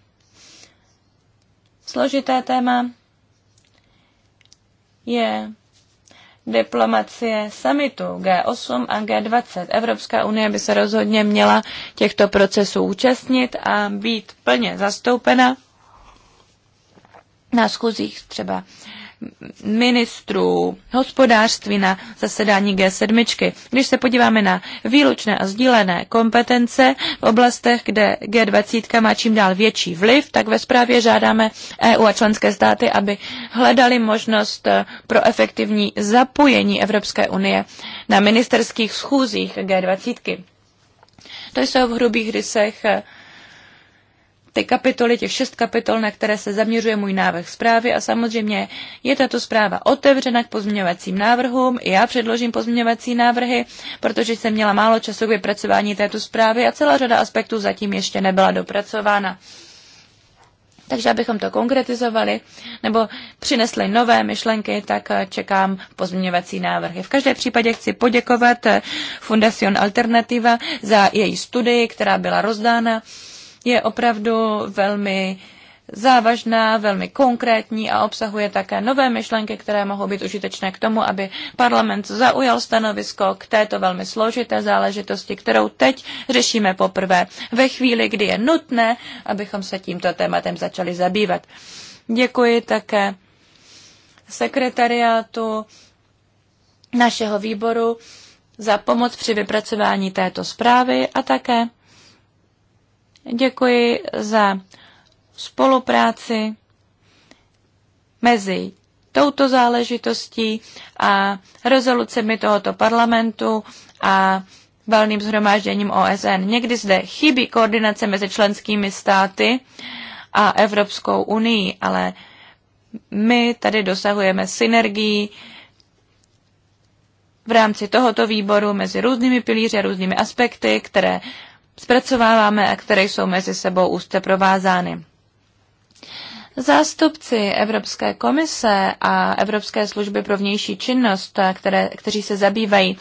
Speaker 3: složité téma je diplomacie summitu G8 a G20. Evropská unie by se rozhodně měla těchto procesů účastnit a být plně zastoupena na schůzích třeba ministrů hospodářství na zasedání G7. Když se podíváme na výlučné a sdílené kompetence v oblastech, kde G20 má čím dál větší vliv, tak ve zprávě žádáme EU a členské státy, aby hledali možnost eh, pro efektivní zapojení Evropské unie na ministerských schůzích G20. To jsou v hrubých rysech eh, ty kapitoly, těch šest kapitol, na které se zaměřuje můj návrh zprávy a samozřejmě je tato zpráva otevřena k pozměňovacím návrhům. I já předložím pozměňovací návrhy, protože jsem měla málo času k vypracování této zprávy a celá řada aspektů zatím ještě nebyla dopracována. Takže abychom to konkretizovali nebo přinesli nové myšlenky, tak eh, čekám pozměňovací návrhy. V každém případě chci poděkovat eh, Fundacion Alternativa za její studii, která byla rozdána je opravdu velmi závažná, velmi konkrétní a obsahuje také nové myšlenky, které mohou být užitečné k tomu, aby parlament zaujal stanovisko k této velmi složité záležitosti, kterou teď řešíme poprvé ve chvíli, kdy je nutné, abychom se tímto tématem začali zabývat. Děkuji také sekretariátu našeho výboru za pomoc při vypracování této zprávy a také Děkuji za spolupráci mezi touto záležitostí a rezolucemi tohoto parlamentu a valným zhromážděním OSN. Někdy zde chybí koordinace mezi členskými státy a Evropskou unii, ale my tady dosahujeme synergii v rámci tohoto výboru mezi různými pilíři a různými aspekty, které zpracováváme a které jsou mezi sebou úzce provázány. Zástupci Evropské komise a Evropské služby pro vnější činnost, které, kteří se zabývají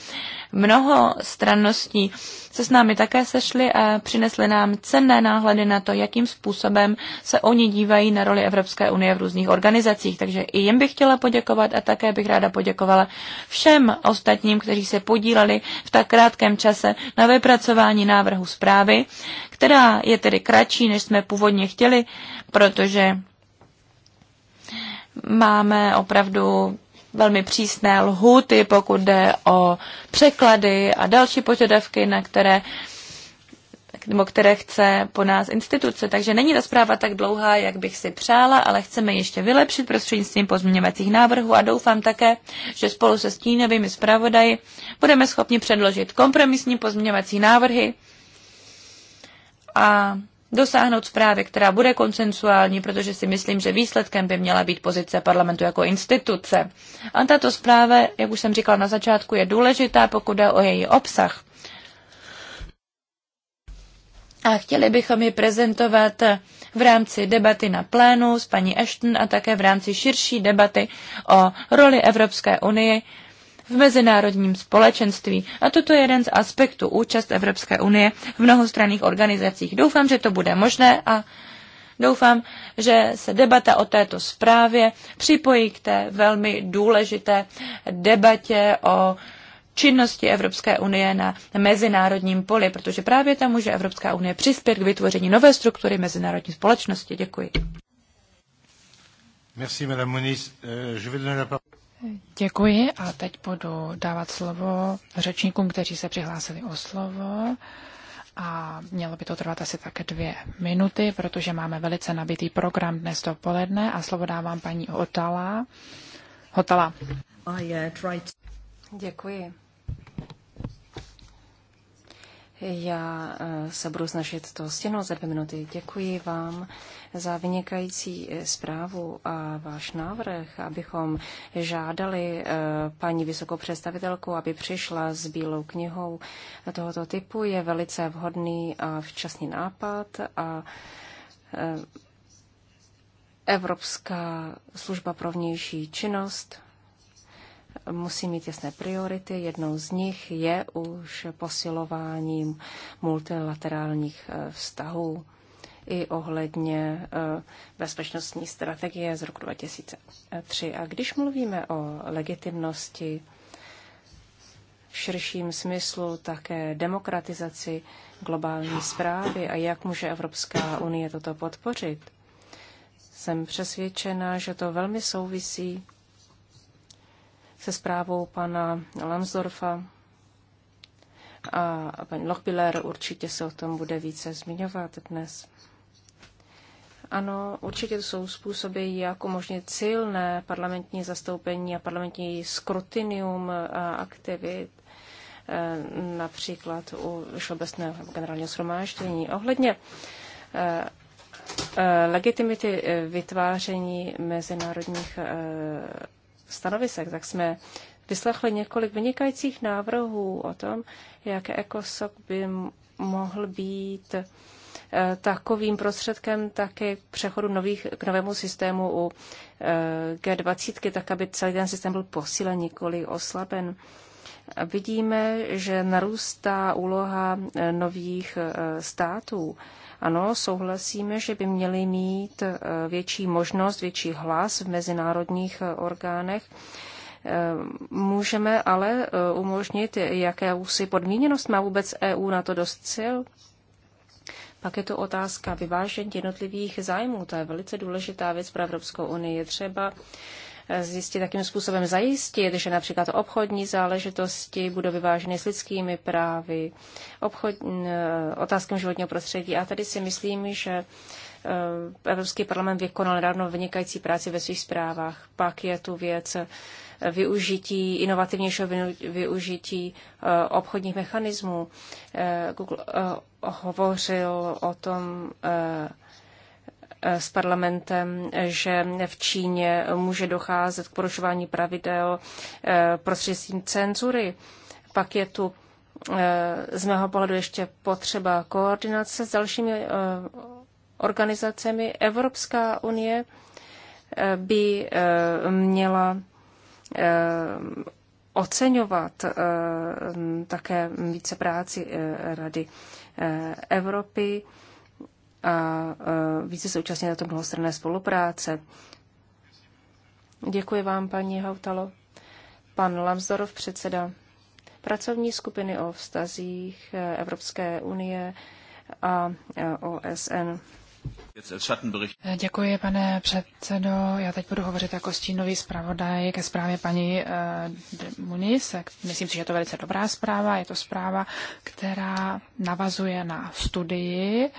Speaker 3: mnoho stranností, se s námi také sešli a přinesli nám cenné náhledy na to, jakým způsobem se oni dívají na roli Evropské unie v různých organizacích. Takže i jim bych chtěla poděkovat a také bych ráda poděkovala všem ostatním, kteří se podíleli v tak krátkém čase na vypracování návrhu zprávy, která je tedy kratší, než jsme původně chtěli, protože máme opravdu velmi přísné lhuty, pokud jde o překlady a další požadavky, na které nebo které chce po nás instituce. Takže není ta zpráva tak dlouhá, jak bych si přála, ale chceme ještě vylepšit prostřednictvím pozměňovacích návrhů a doufám také, že spolu se stínovými zpravodaji budeme schopni předložit kompromisní pozměňovací návrhy a dosáhnout zprávy, která bude konsensuální, protože si myslím, že výsledkem by měla být pozice parlamentu jako instituce. A tato zpráva, jak už jsem říkala na začátku, je důležitá, pokud jde o její obsah. A chtěli bychom ji prezentovat v rámci debaty na plénu s paní Ashton a také v rámci širší debaty o roli Evropské unie v mezinárodním společenství. A toto je jeden z aspektů účast Evropské unie v mnohostranných organizacích. Doufám, že to bude možné a doufám, že se debata o této zprávě připojí k té velmi důležité debatě o činnosti Evropské unie na mezinárodním poli, protože právě tam může Evropská unie přispět k vytvoření nové struktury mezinárodní společnosti. Děkuji. Merci, Madame Moniz. Euh, je vais donner la
Speaker 1: Děkuji a teď budu dávat slovo řečníkům, kteří se přihlásili o slovo a mělo by to trvat asi tak dvě minuty, protože máme velice nabitý program dnes dopoledne a slovo dávám paní Hotala. Hotala. Uh,
Speaker 2: Děkuji. Já eh, se budu snažit to stěnout za dvě minuty. Děkuji vám za vynikající eh, zprávu a váš návrh, abychom žádali eh, paní vysokou představitelku, aby přišla s bílou knihou tohoto typu, je velice vhodný a včasný nápad a Evropská služba pro vnější činnost musí mít jasné priority. Jednou z nich je už posilování multilaterálních eh, vztahů i ohledně eh, bezpečnostní strategie z roku 2003. A když mluvíme o legitimnosti v širším smyslu také demokratizaci globální zprávy a jak může Evropská unie toto podpořit, jsem přesvědčena, že to velmi souvisí se zprávou pana Lambsdorfa a paní Lochbiller určitě se o tom bude více zmiňovat dnes. Ano, určitě to jsou způsoby, jak umožnit silné parlamentní zastoupení a parlamentní skrutinium eh, aktivit, eh, například u všeobecného generálního shromáždění. Ohledně eh, legitimity vytváření mezinárodních stanovisek, tak jsme vyslechli několik vynikajících návrhů o tom, jak ECOSOC by mohl být eh, takovým prostředkem také k přechodu nových, k novému systému u eh, G20, tak aby celý ten systém byl posílen, nikoli oslaben. Vidíme, že narůstá úloha eh, nových států ano, souhlasíme, že by měli mít eh, větší možnost, větší hlas v mezinárodních eh, orgánech. Eh, můžeme ale umožnit, úsy podmíněnost má vůbec EU na to dost sil? Pak je to otázka vyvážení jednotlivých zájmů. To je velice důležitá věc pro Evropskou unii. Je třeba zjistit, jakým způsobem zajistit, že například obchodní záležitosti budou vyváženy s lidskými právy, obchod, otázkám životního prostředí. A tady si myslím, že e, Evropský parlament vykonal nedávno vynikající práci ve svých zprávách. Pak je tu věc e, využití, inovativnějšího využití e, obchodních mechanismů. Google hovořil o tom s parlamentem, že v Číně může docházet k porušování pravidel eh, prostřednictvím cenzury. Pak je tu eh, z mého pohledu ještě potřeba koordinace s dalšími eh, organizacemi. Evropská unie by měla oceňovat také více práci Rady Evropy a více se účastnit na to mnohostranné spolupráce. Děkuji vám, paní Hautalo. Pan Lamsdorov, předseda pracovní skupiny o vztazích Evropské unie a OSN.
Speaker 1: Děkuji, pane předsedo. Já teď budu hovořit jako stínový zpravodaj ke zprávě paní eh, Muniz. Myslím si, že je to velice dobrá zpráva. Je to zpráva, která navazuje na studii,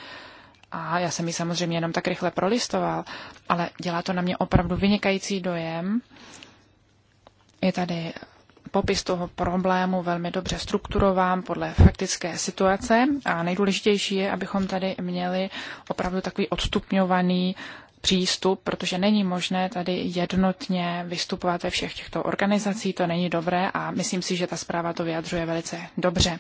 Speaker 1: a já jsem ji samozřejmě jenom tak rychle prolistoval, ale dělá to na mě opravdu vynikající dojem. Je tady popis toho problému velmi dobře strukturován podle faktické situace a nejdůležitější je, abychom tady měli opravdu takový odstupňovaný přístup, protože není možné tady jednotně vystupovat ve všech těchto organizací, to není dobré a myslím si, že ta zpráva to vyjadřuje velice dobře. Uh,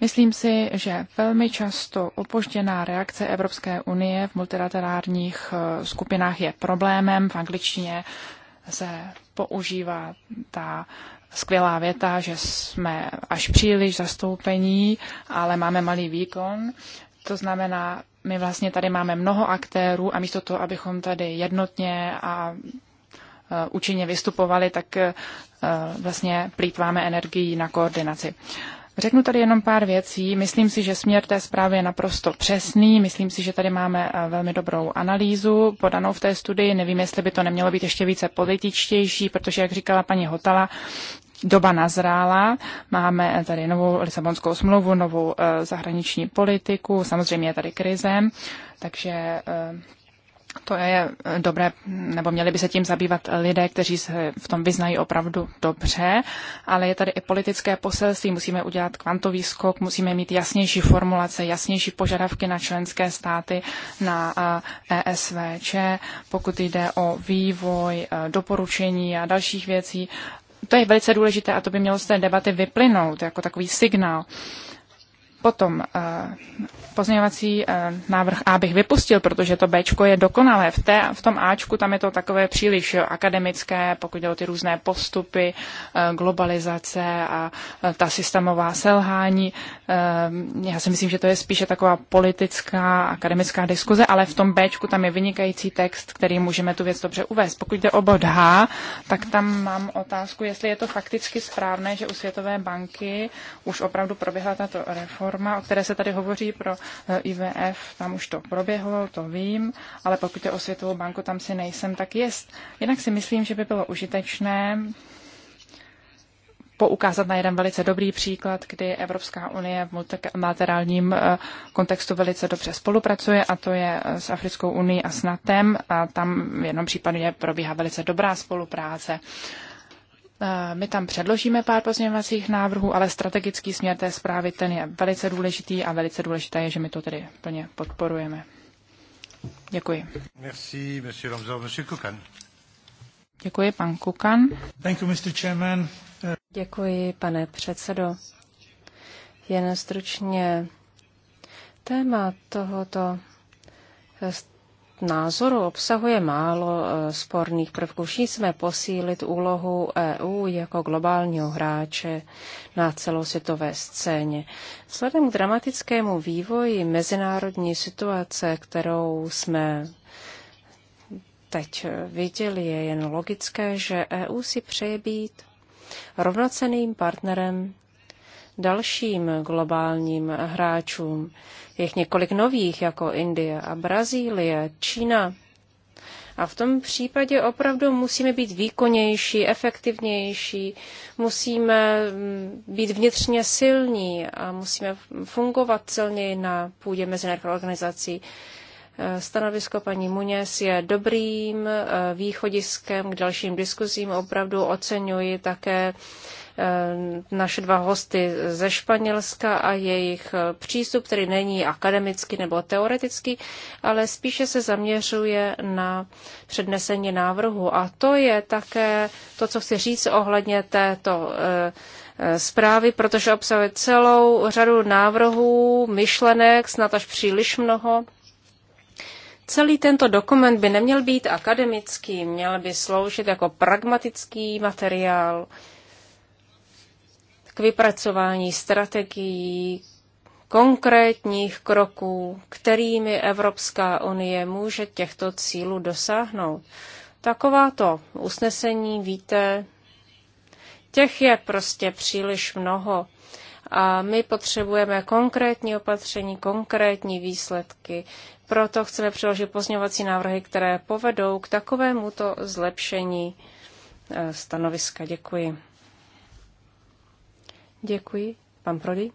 Speaker 1: Myslím si, že velmi často opožděná reakce Evropské unie v multilaterárních eh, skupinách je problémem. V angličtině se používá ta skvělá věta, že jsme až příliš zastoupení, ale máme malý výkon. To znamená, my vlastně tady máme mnoho aktérů a místo toho, abychom tady jednotně a eh, účinně vystupovali, tak eh, vlastně plítváme energii na koordinaci. Řeknu tady jenom pár věcí. Myslím si, že směr té zprávy je naprosto přesný. Myslím si, že tady máme eh, velmi dobrou analýzu podanou v té studii. Nevím, jestli by to nemělo být ještě více političtější, protože, jak říkala paní Hotala, doba nazrála. Máme eh, tady novou Lisabonskou smlouvu, novou eh, zahraniční politiku, samozřejmě je tady krize, takže to je dobré, nebo měli by se tím zabývat lidé, kteří se v tom vyznají opravdu dobře, ale je tady i politické poselství, musíme udělat kvantový skok, musíme mít jasnější formulace, jasnější požadavky na členské státy, na ESVČ, pokud jde o vývoj, doporučení a dalších věcí. To je velice důležité a to by mělo z té debaty vyplynout jako takový signál. Potom eh, pozměňovací eh, návrh A bych vypustil, protože to B je dokonalé. V, té, v tom Ačku tam je to takové příliš akademické, pokud jde o ty různé postupy, eh, globalizace a ta systémová selhání. Já si myslím, že to je spíše taková politická, akademická diskuze, ale v tom B tam je vynikající text, který můžeme tu věc dobře uvést. Pokud jde o bod H, tak tam mám otázku, jestli je to fakticky správné, že u Světové banky už opravdu proběhla tato reforma norma, o které se tady hovoří pro eh, IVF, tam už to proběhlo, to vím, ale pokud je o Světovou banku, tam si nejsem tak jest. Jinak si myslím, že by bylo užitečné poukázat na jeden velice dobrý příklad, kdy Evropská unie v multilaterálním eh, kontextu velice dobře spolupracuje a to je eh, s Africkou unii a s NATO. a tam v jednom případě probíhá velice dobrá spolupráce. Eh, my tam předložíme pár pozměňovacích návrhů, ale strategický směr té zprávy ten je velice důležitý a velice důležité je, že my to tedy plně podporujeme. Děkuji.
Speaker 3: Merci, monsieur Lomzo, monsieur Kukan.
Speaker 1: Děkuji, pan Kukan. Thank you, Mr. Chairman. Děkuji, pane předsedo.
Speaker 2: Jen stručně téma tohoto názoru obsahuje málo e, sporných prvků. jsme posílit úlohu EU jako globálního hráče na celosvětové scéně. Vzhledem k dramatickému vývoji mezinárodní situace, kterou jsme teď e, viděli, je jen logické, že EU si přeje být rovnoceným partnerem dalším globálním hráčům. Je několik nových, jako Indie a Brazílie, Čína. A v tom případě opravdu musíme být výkonnější, efektivnější, musíme mm, být vnitřně silní a musíme fungovat silněji na půdě mezinárodních organizací. Eh, stanovisko paní Muněs je dobrým eh, východiskem k dalším diskuzím. Opravdu oceňuji také Eh, naše dva hosty ze Španělska a jejich eh, přístup, který není akademický nebo teoretický, ale spíše se zaměřuje na přednesení návrhu. A to je také to, co chci říct ohledně této eh, zprávy, protože obsahuje celou řadu návrhů, myšlenek, snad až příliš mnoho. Celý tento dokument by neměl být akademický, měl by sloužit jako pragmatický materiál, k vypracování strategií, konkrétních kroků, kterými Evropská unie může těchto cílů dosáhnout. Takováto usnesení, víte, těch je prostě příliš mnoho. A my potřebujeme konkrétní opatření, konkrétní výsledky. Proto chceme přiložit pozňovací návrhy, které povedou k takovémuto zlepšení eh, stanoviska. Děkuji. Děkuji. Pan Prodi.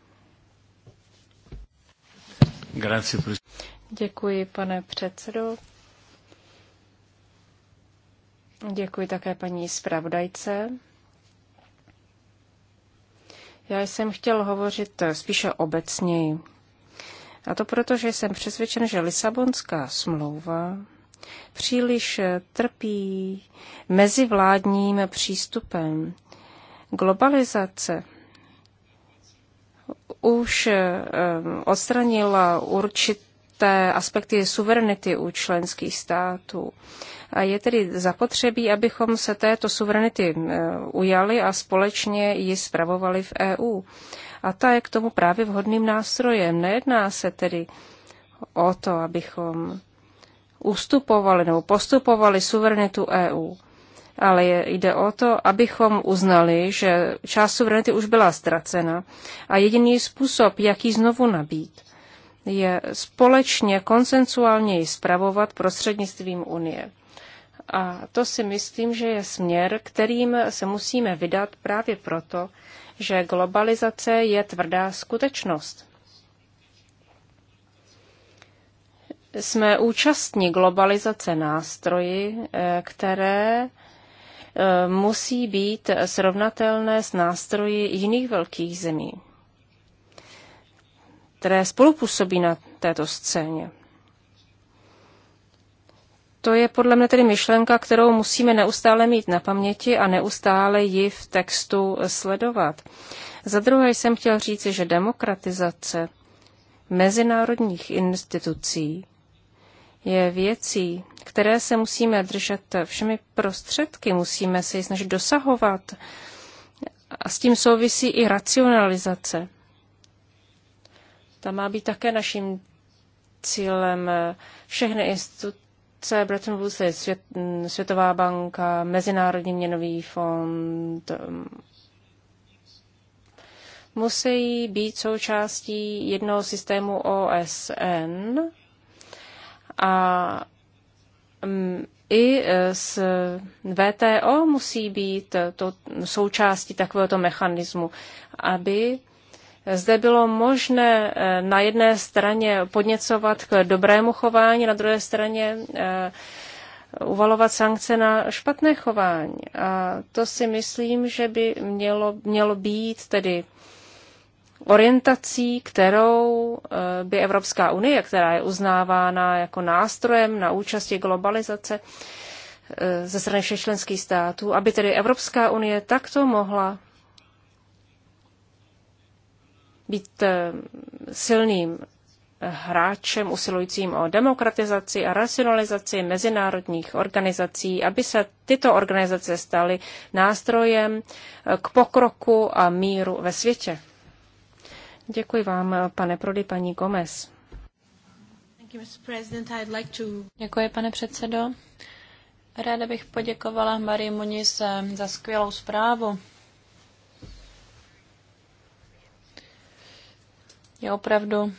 Speaker 2: Děkuji, pane předsedo. Děkuji také paní zpravodajce. Já jsem chtěl hovořit spíše obecněji. A to proto, že jsem přesvědčen, že Lisabonská smlouva příliš trpí mezivládním přístupem. Globalizace už eh, eh, odstranila určité aspekty suverenity u členských států. A je tedy zapotřebí, abychom se této suverenity eh, ujali a společně ji spravovali v EU. A ta je k tomu právě vhodným nástrojem. Nejedná se tedy o to, abychom ustupovali nebo postupovali suverenitu EU ale jde o to, abychom uznali, že část suverenity už byla ztracena a jediný způsob, jak ji znovu nabít, je společně konsensuálně ji spravovat prostřednictvím Unie. A to si myslím, že je směr, kterým se musíme vydat právě proto, že globalizace je tvrdá skutečnost. Jsme účastní globalizace nástroji, eh, které Eh, musí být srovnatelné s nástroji jiných velkých zemí, které spolupůsobí na této scéně. To je podle mě tedy myšlenka, kterou musíme neustále mít na paměti a neustále ji v textu sledovat. Za druhé jsem chtěl říci, že demokratizace mezinárodních institucí je věcí, které se musíme držet všemi prostředky, musíme se ji snažit dosahovat. A s tím souvisí i racionalizace. Ta má být také naším cílem. Všechny instituce, Bretton Woods, Svět, Světová banka, Mezinárodní měnový fond, um, musí být součástí jednoho systému OSN, a mm, i e, s VTO musí být to součástí takovéhoto mechanismu, aby zde bylo možné e, na jedné straně podněcovat k dobrému chování, na druhé straně e, uvalovat sankce na špatné chování. A to si myslím, že by mělo, mělo být tedy orientací, kterou eh, by Evropská unie, která je uznávána jako nástrojem na účasti globalizace eh, ze strany všech členských států, aby tedy Evropská unie takto mohla být eh, silným hráčem usilujícím o demokratizaci a racionalizaci mezinárodních organizací, aby se tyto organizace staly nástrojem k pokroku a míru ve světě. Děkuji vám, pane Prody, paní Gomez.
Speaker 3: Děkuji, pane předsedo. Ráda bych poděkovala Marie Muniz eh, za skvělou zprávu. Je opravdu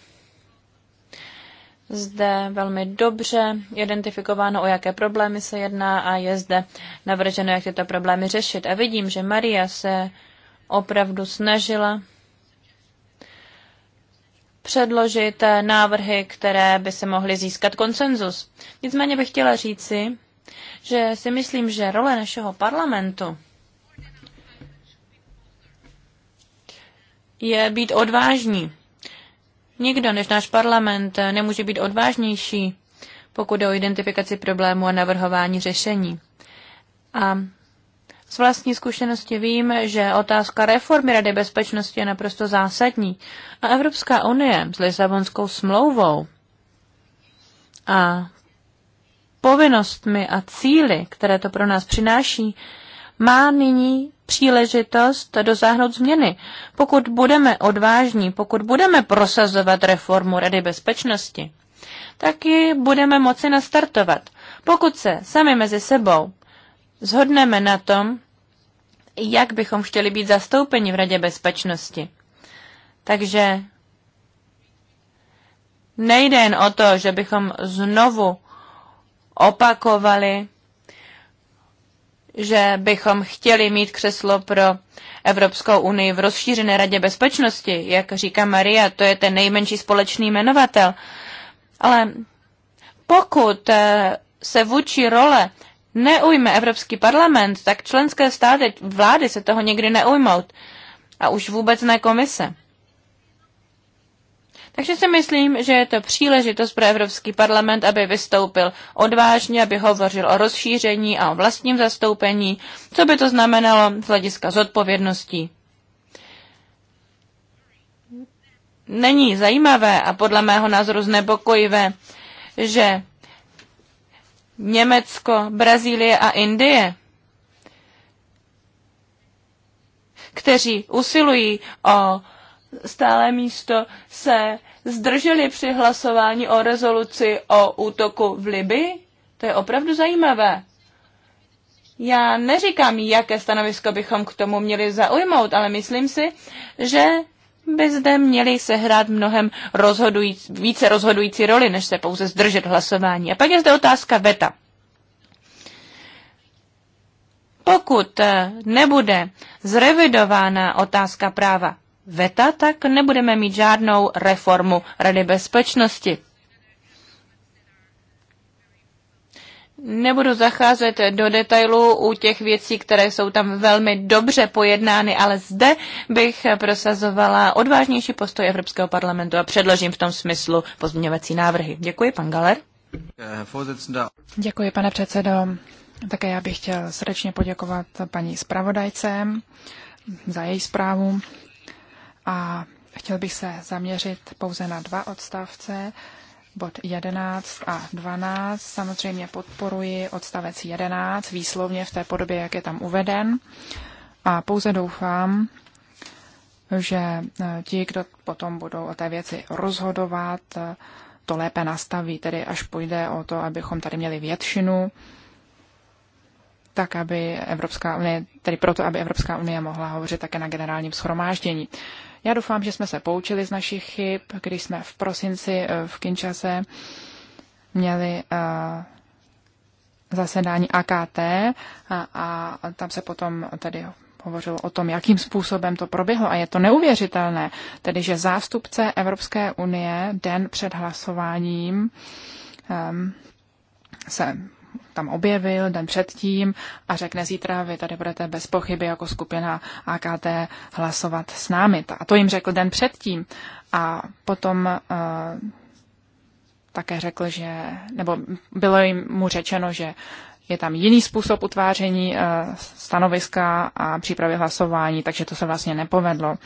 Speaker 3: zde velmi dobře identifikováno, o jaké problémy se jedná a je zde navrženo, jak tyto problémy řešit. A vidím, že Maria se opravdu snažila předložit eh, návrhy, které by se mohly získat konsenzus. Nicméně bych chtěla říci, že si myslím, že role našeho parlamentu je být odvážní. Nikdo než náš parlament eh, nemůže být odvážnější, pokud jde o identifikaci problému a navrhování řešení. A z vlastní zkušenosti vím, že otázka reformy Rady bezpečnosti je naprosto zásadní. A Evropská unie s Lisabonskou smlouvou a povinnostmi a cíly, které to pro nás přináší, má nyní příležitost dosáhnout změny. Pokud budeme odvážní, pokud budeme prosazovat reformu Rady bezpečnosti, tak ji budeme moci nastartovat. Pokud se sami mezi sebou zhodneme na tom, jak bychom chtěli být zastoupeni v Radě bezpečnosti. Takže nejde jen o to, že bychom znovu opakovali, že bychom chtěli mít křeslo pro Evropskou unii v rozšířené radě bezpečnosti, jak říká Maria, to je ten nejmenší společný jmenovatel. Ale pokud eh, se vůči role neujme Evropský parlament, tak členské státy, vlády se toho někdy neujmout. A už vůbec ne komise. Takže si myslím, že je to příležitost pro Evropský parlament, aby vystoupil odvážně, aby hovořil o rozšíření a o vlastním zastoupení, co by to znamenalo z hlediska zodpovědností. Není zajímavé a podle mého názoru znepokojivé, že Německo, Brazílie a Indie, kteří usilují o stále místo, se zdrželi při hlasování o rezoluci o útoku v Libii? To je opravdu zajímavé. Já neříkám, jaké stanovisko bychom k tomu měli zaujmout, ale myslím si, že by zde měly sehrát mnohem rozhodující, více rozhodující roli, než se pouze zdržet hlasování. A pak je zde otázka VETA. Pokud eh, nebude zrevidována otázka práva VETA, tak nebudeme mít žádnou reformu Rady bezpečnosti. Nebudu zacházet do detailů u těch věcí, které jsou tam velmi dobře pojednány, ale zde bych prosazovala odvážnější postoj Evropského parlamentu a předložím v tom smyslu pozměňovací návrhy. Děkuji, pan Galer. Děkuji, pane předsedo. Také já bych chtěl srdečně poděkovat
Speaker 1: paní zpravodajce za její zprávu a chtěl bych se zaměřit pouze na dva odstavce, bod 11 a 12. Samozřejmě podporuji odstavec 11 výslovně v té podobě, jak je tam uveden. A pouze doufám, že eh, ti, kdo potom budou o té věci rozhodovat, eh, to lépe nastaví, tedy až půjde o to, abychom tady měli většinu, tak aby Evropská unie, tedy proto, aby Evropská unie mohla hovořit také na generálním schromáždění. Já doufám, že jsme se poučili z našich chyb, když jsme v prosinci eh, v Kinčase měli eh, zasedání AKT a, a tam se potom tady hovořil o tom, jakým způsobem to proběhlo a je to neuvěřitelné, tedy že zástupce Evropské unie den před hlasováním um, se tam objevil den předtím a řekne zítra, vy tady budete bez pochyby jako skupina AKT hlasovat s námi. A to jim řekl den předtím. A potom uh, také řekl, že, nebo bylo jim mu řečeno, že je tam jiný způsob utváření eh, stanoviska a přípravy hlasování, takže to se vlastně nepovedlo.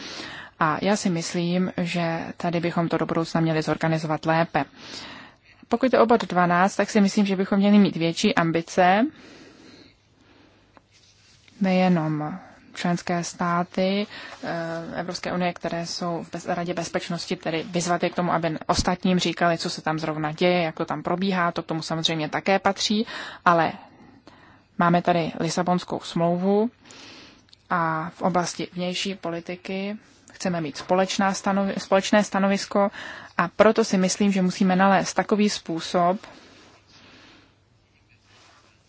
Speaker 1: A já si myslím, že tady bychom to do budoucna měli zorganizovat lépe. Uh, pokud je oba do 12, tak si myslím, že bychom měli mít větší ambice, nejenom členské státy eh, Evropské unie, které jsou v Radě bezpečnosti, tedy vyzvat je k tomu, aby ostatním říkali, co se tam zrovna děje, jak to tam probíhá, to k tomu samozřejmě také patří, ale máme tady Lisabonskou smlouvu a v oblasti vnější politiky chceme mít společná stanovi- společné stanovisko a proto si myslím, že musíme nalézt takový způsob,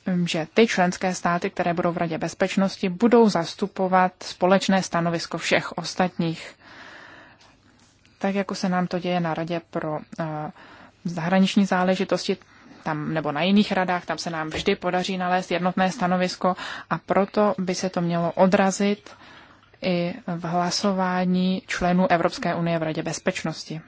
Speaker 1: mm, že ty členské státy, které budou v Radě bezpečnosti, budou zastupovat společné stanovisko všech ostatních. Tak jako se nám to děje na Radě pro uh, zahraniční záležitosti, tam nebo na jiných radách, tam se nám vždy podaří nalézt jednotné stanovisko a proto by se to mělo odrazit i v hlasování členů Evropské unie v Radě bezpečnosti.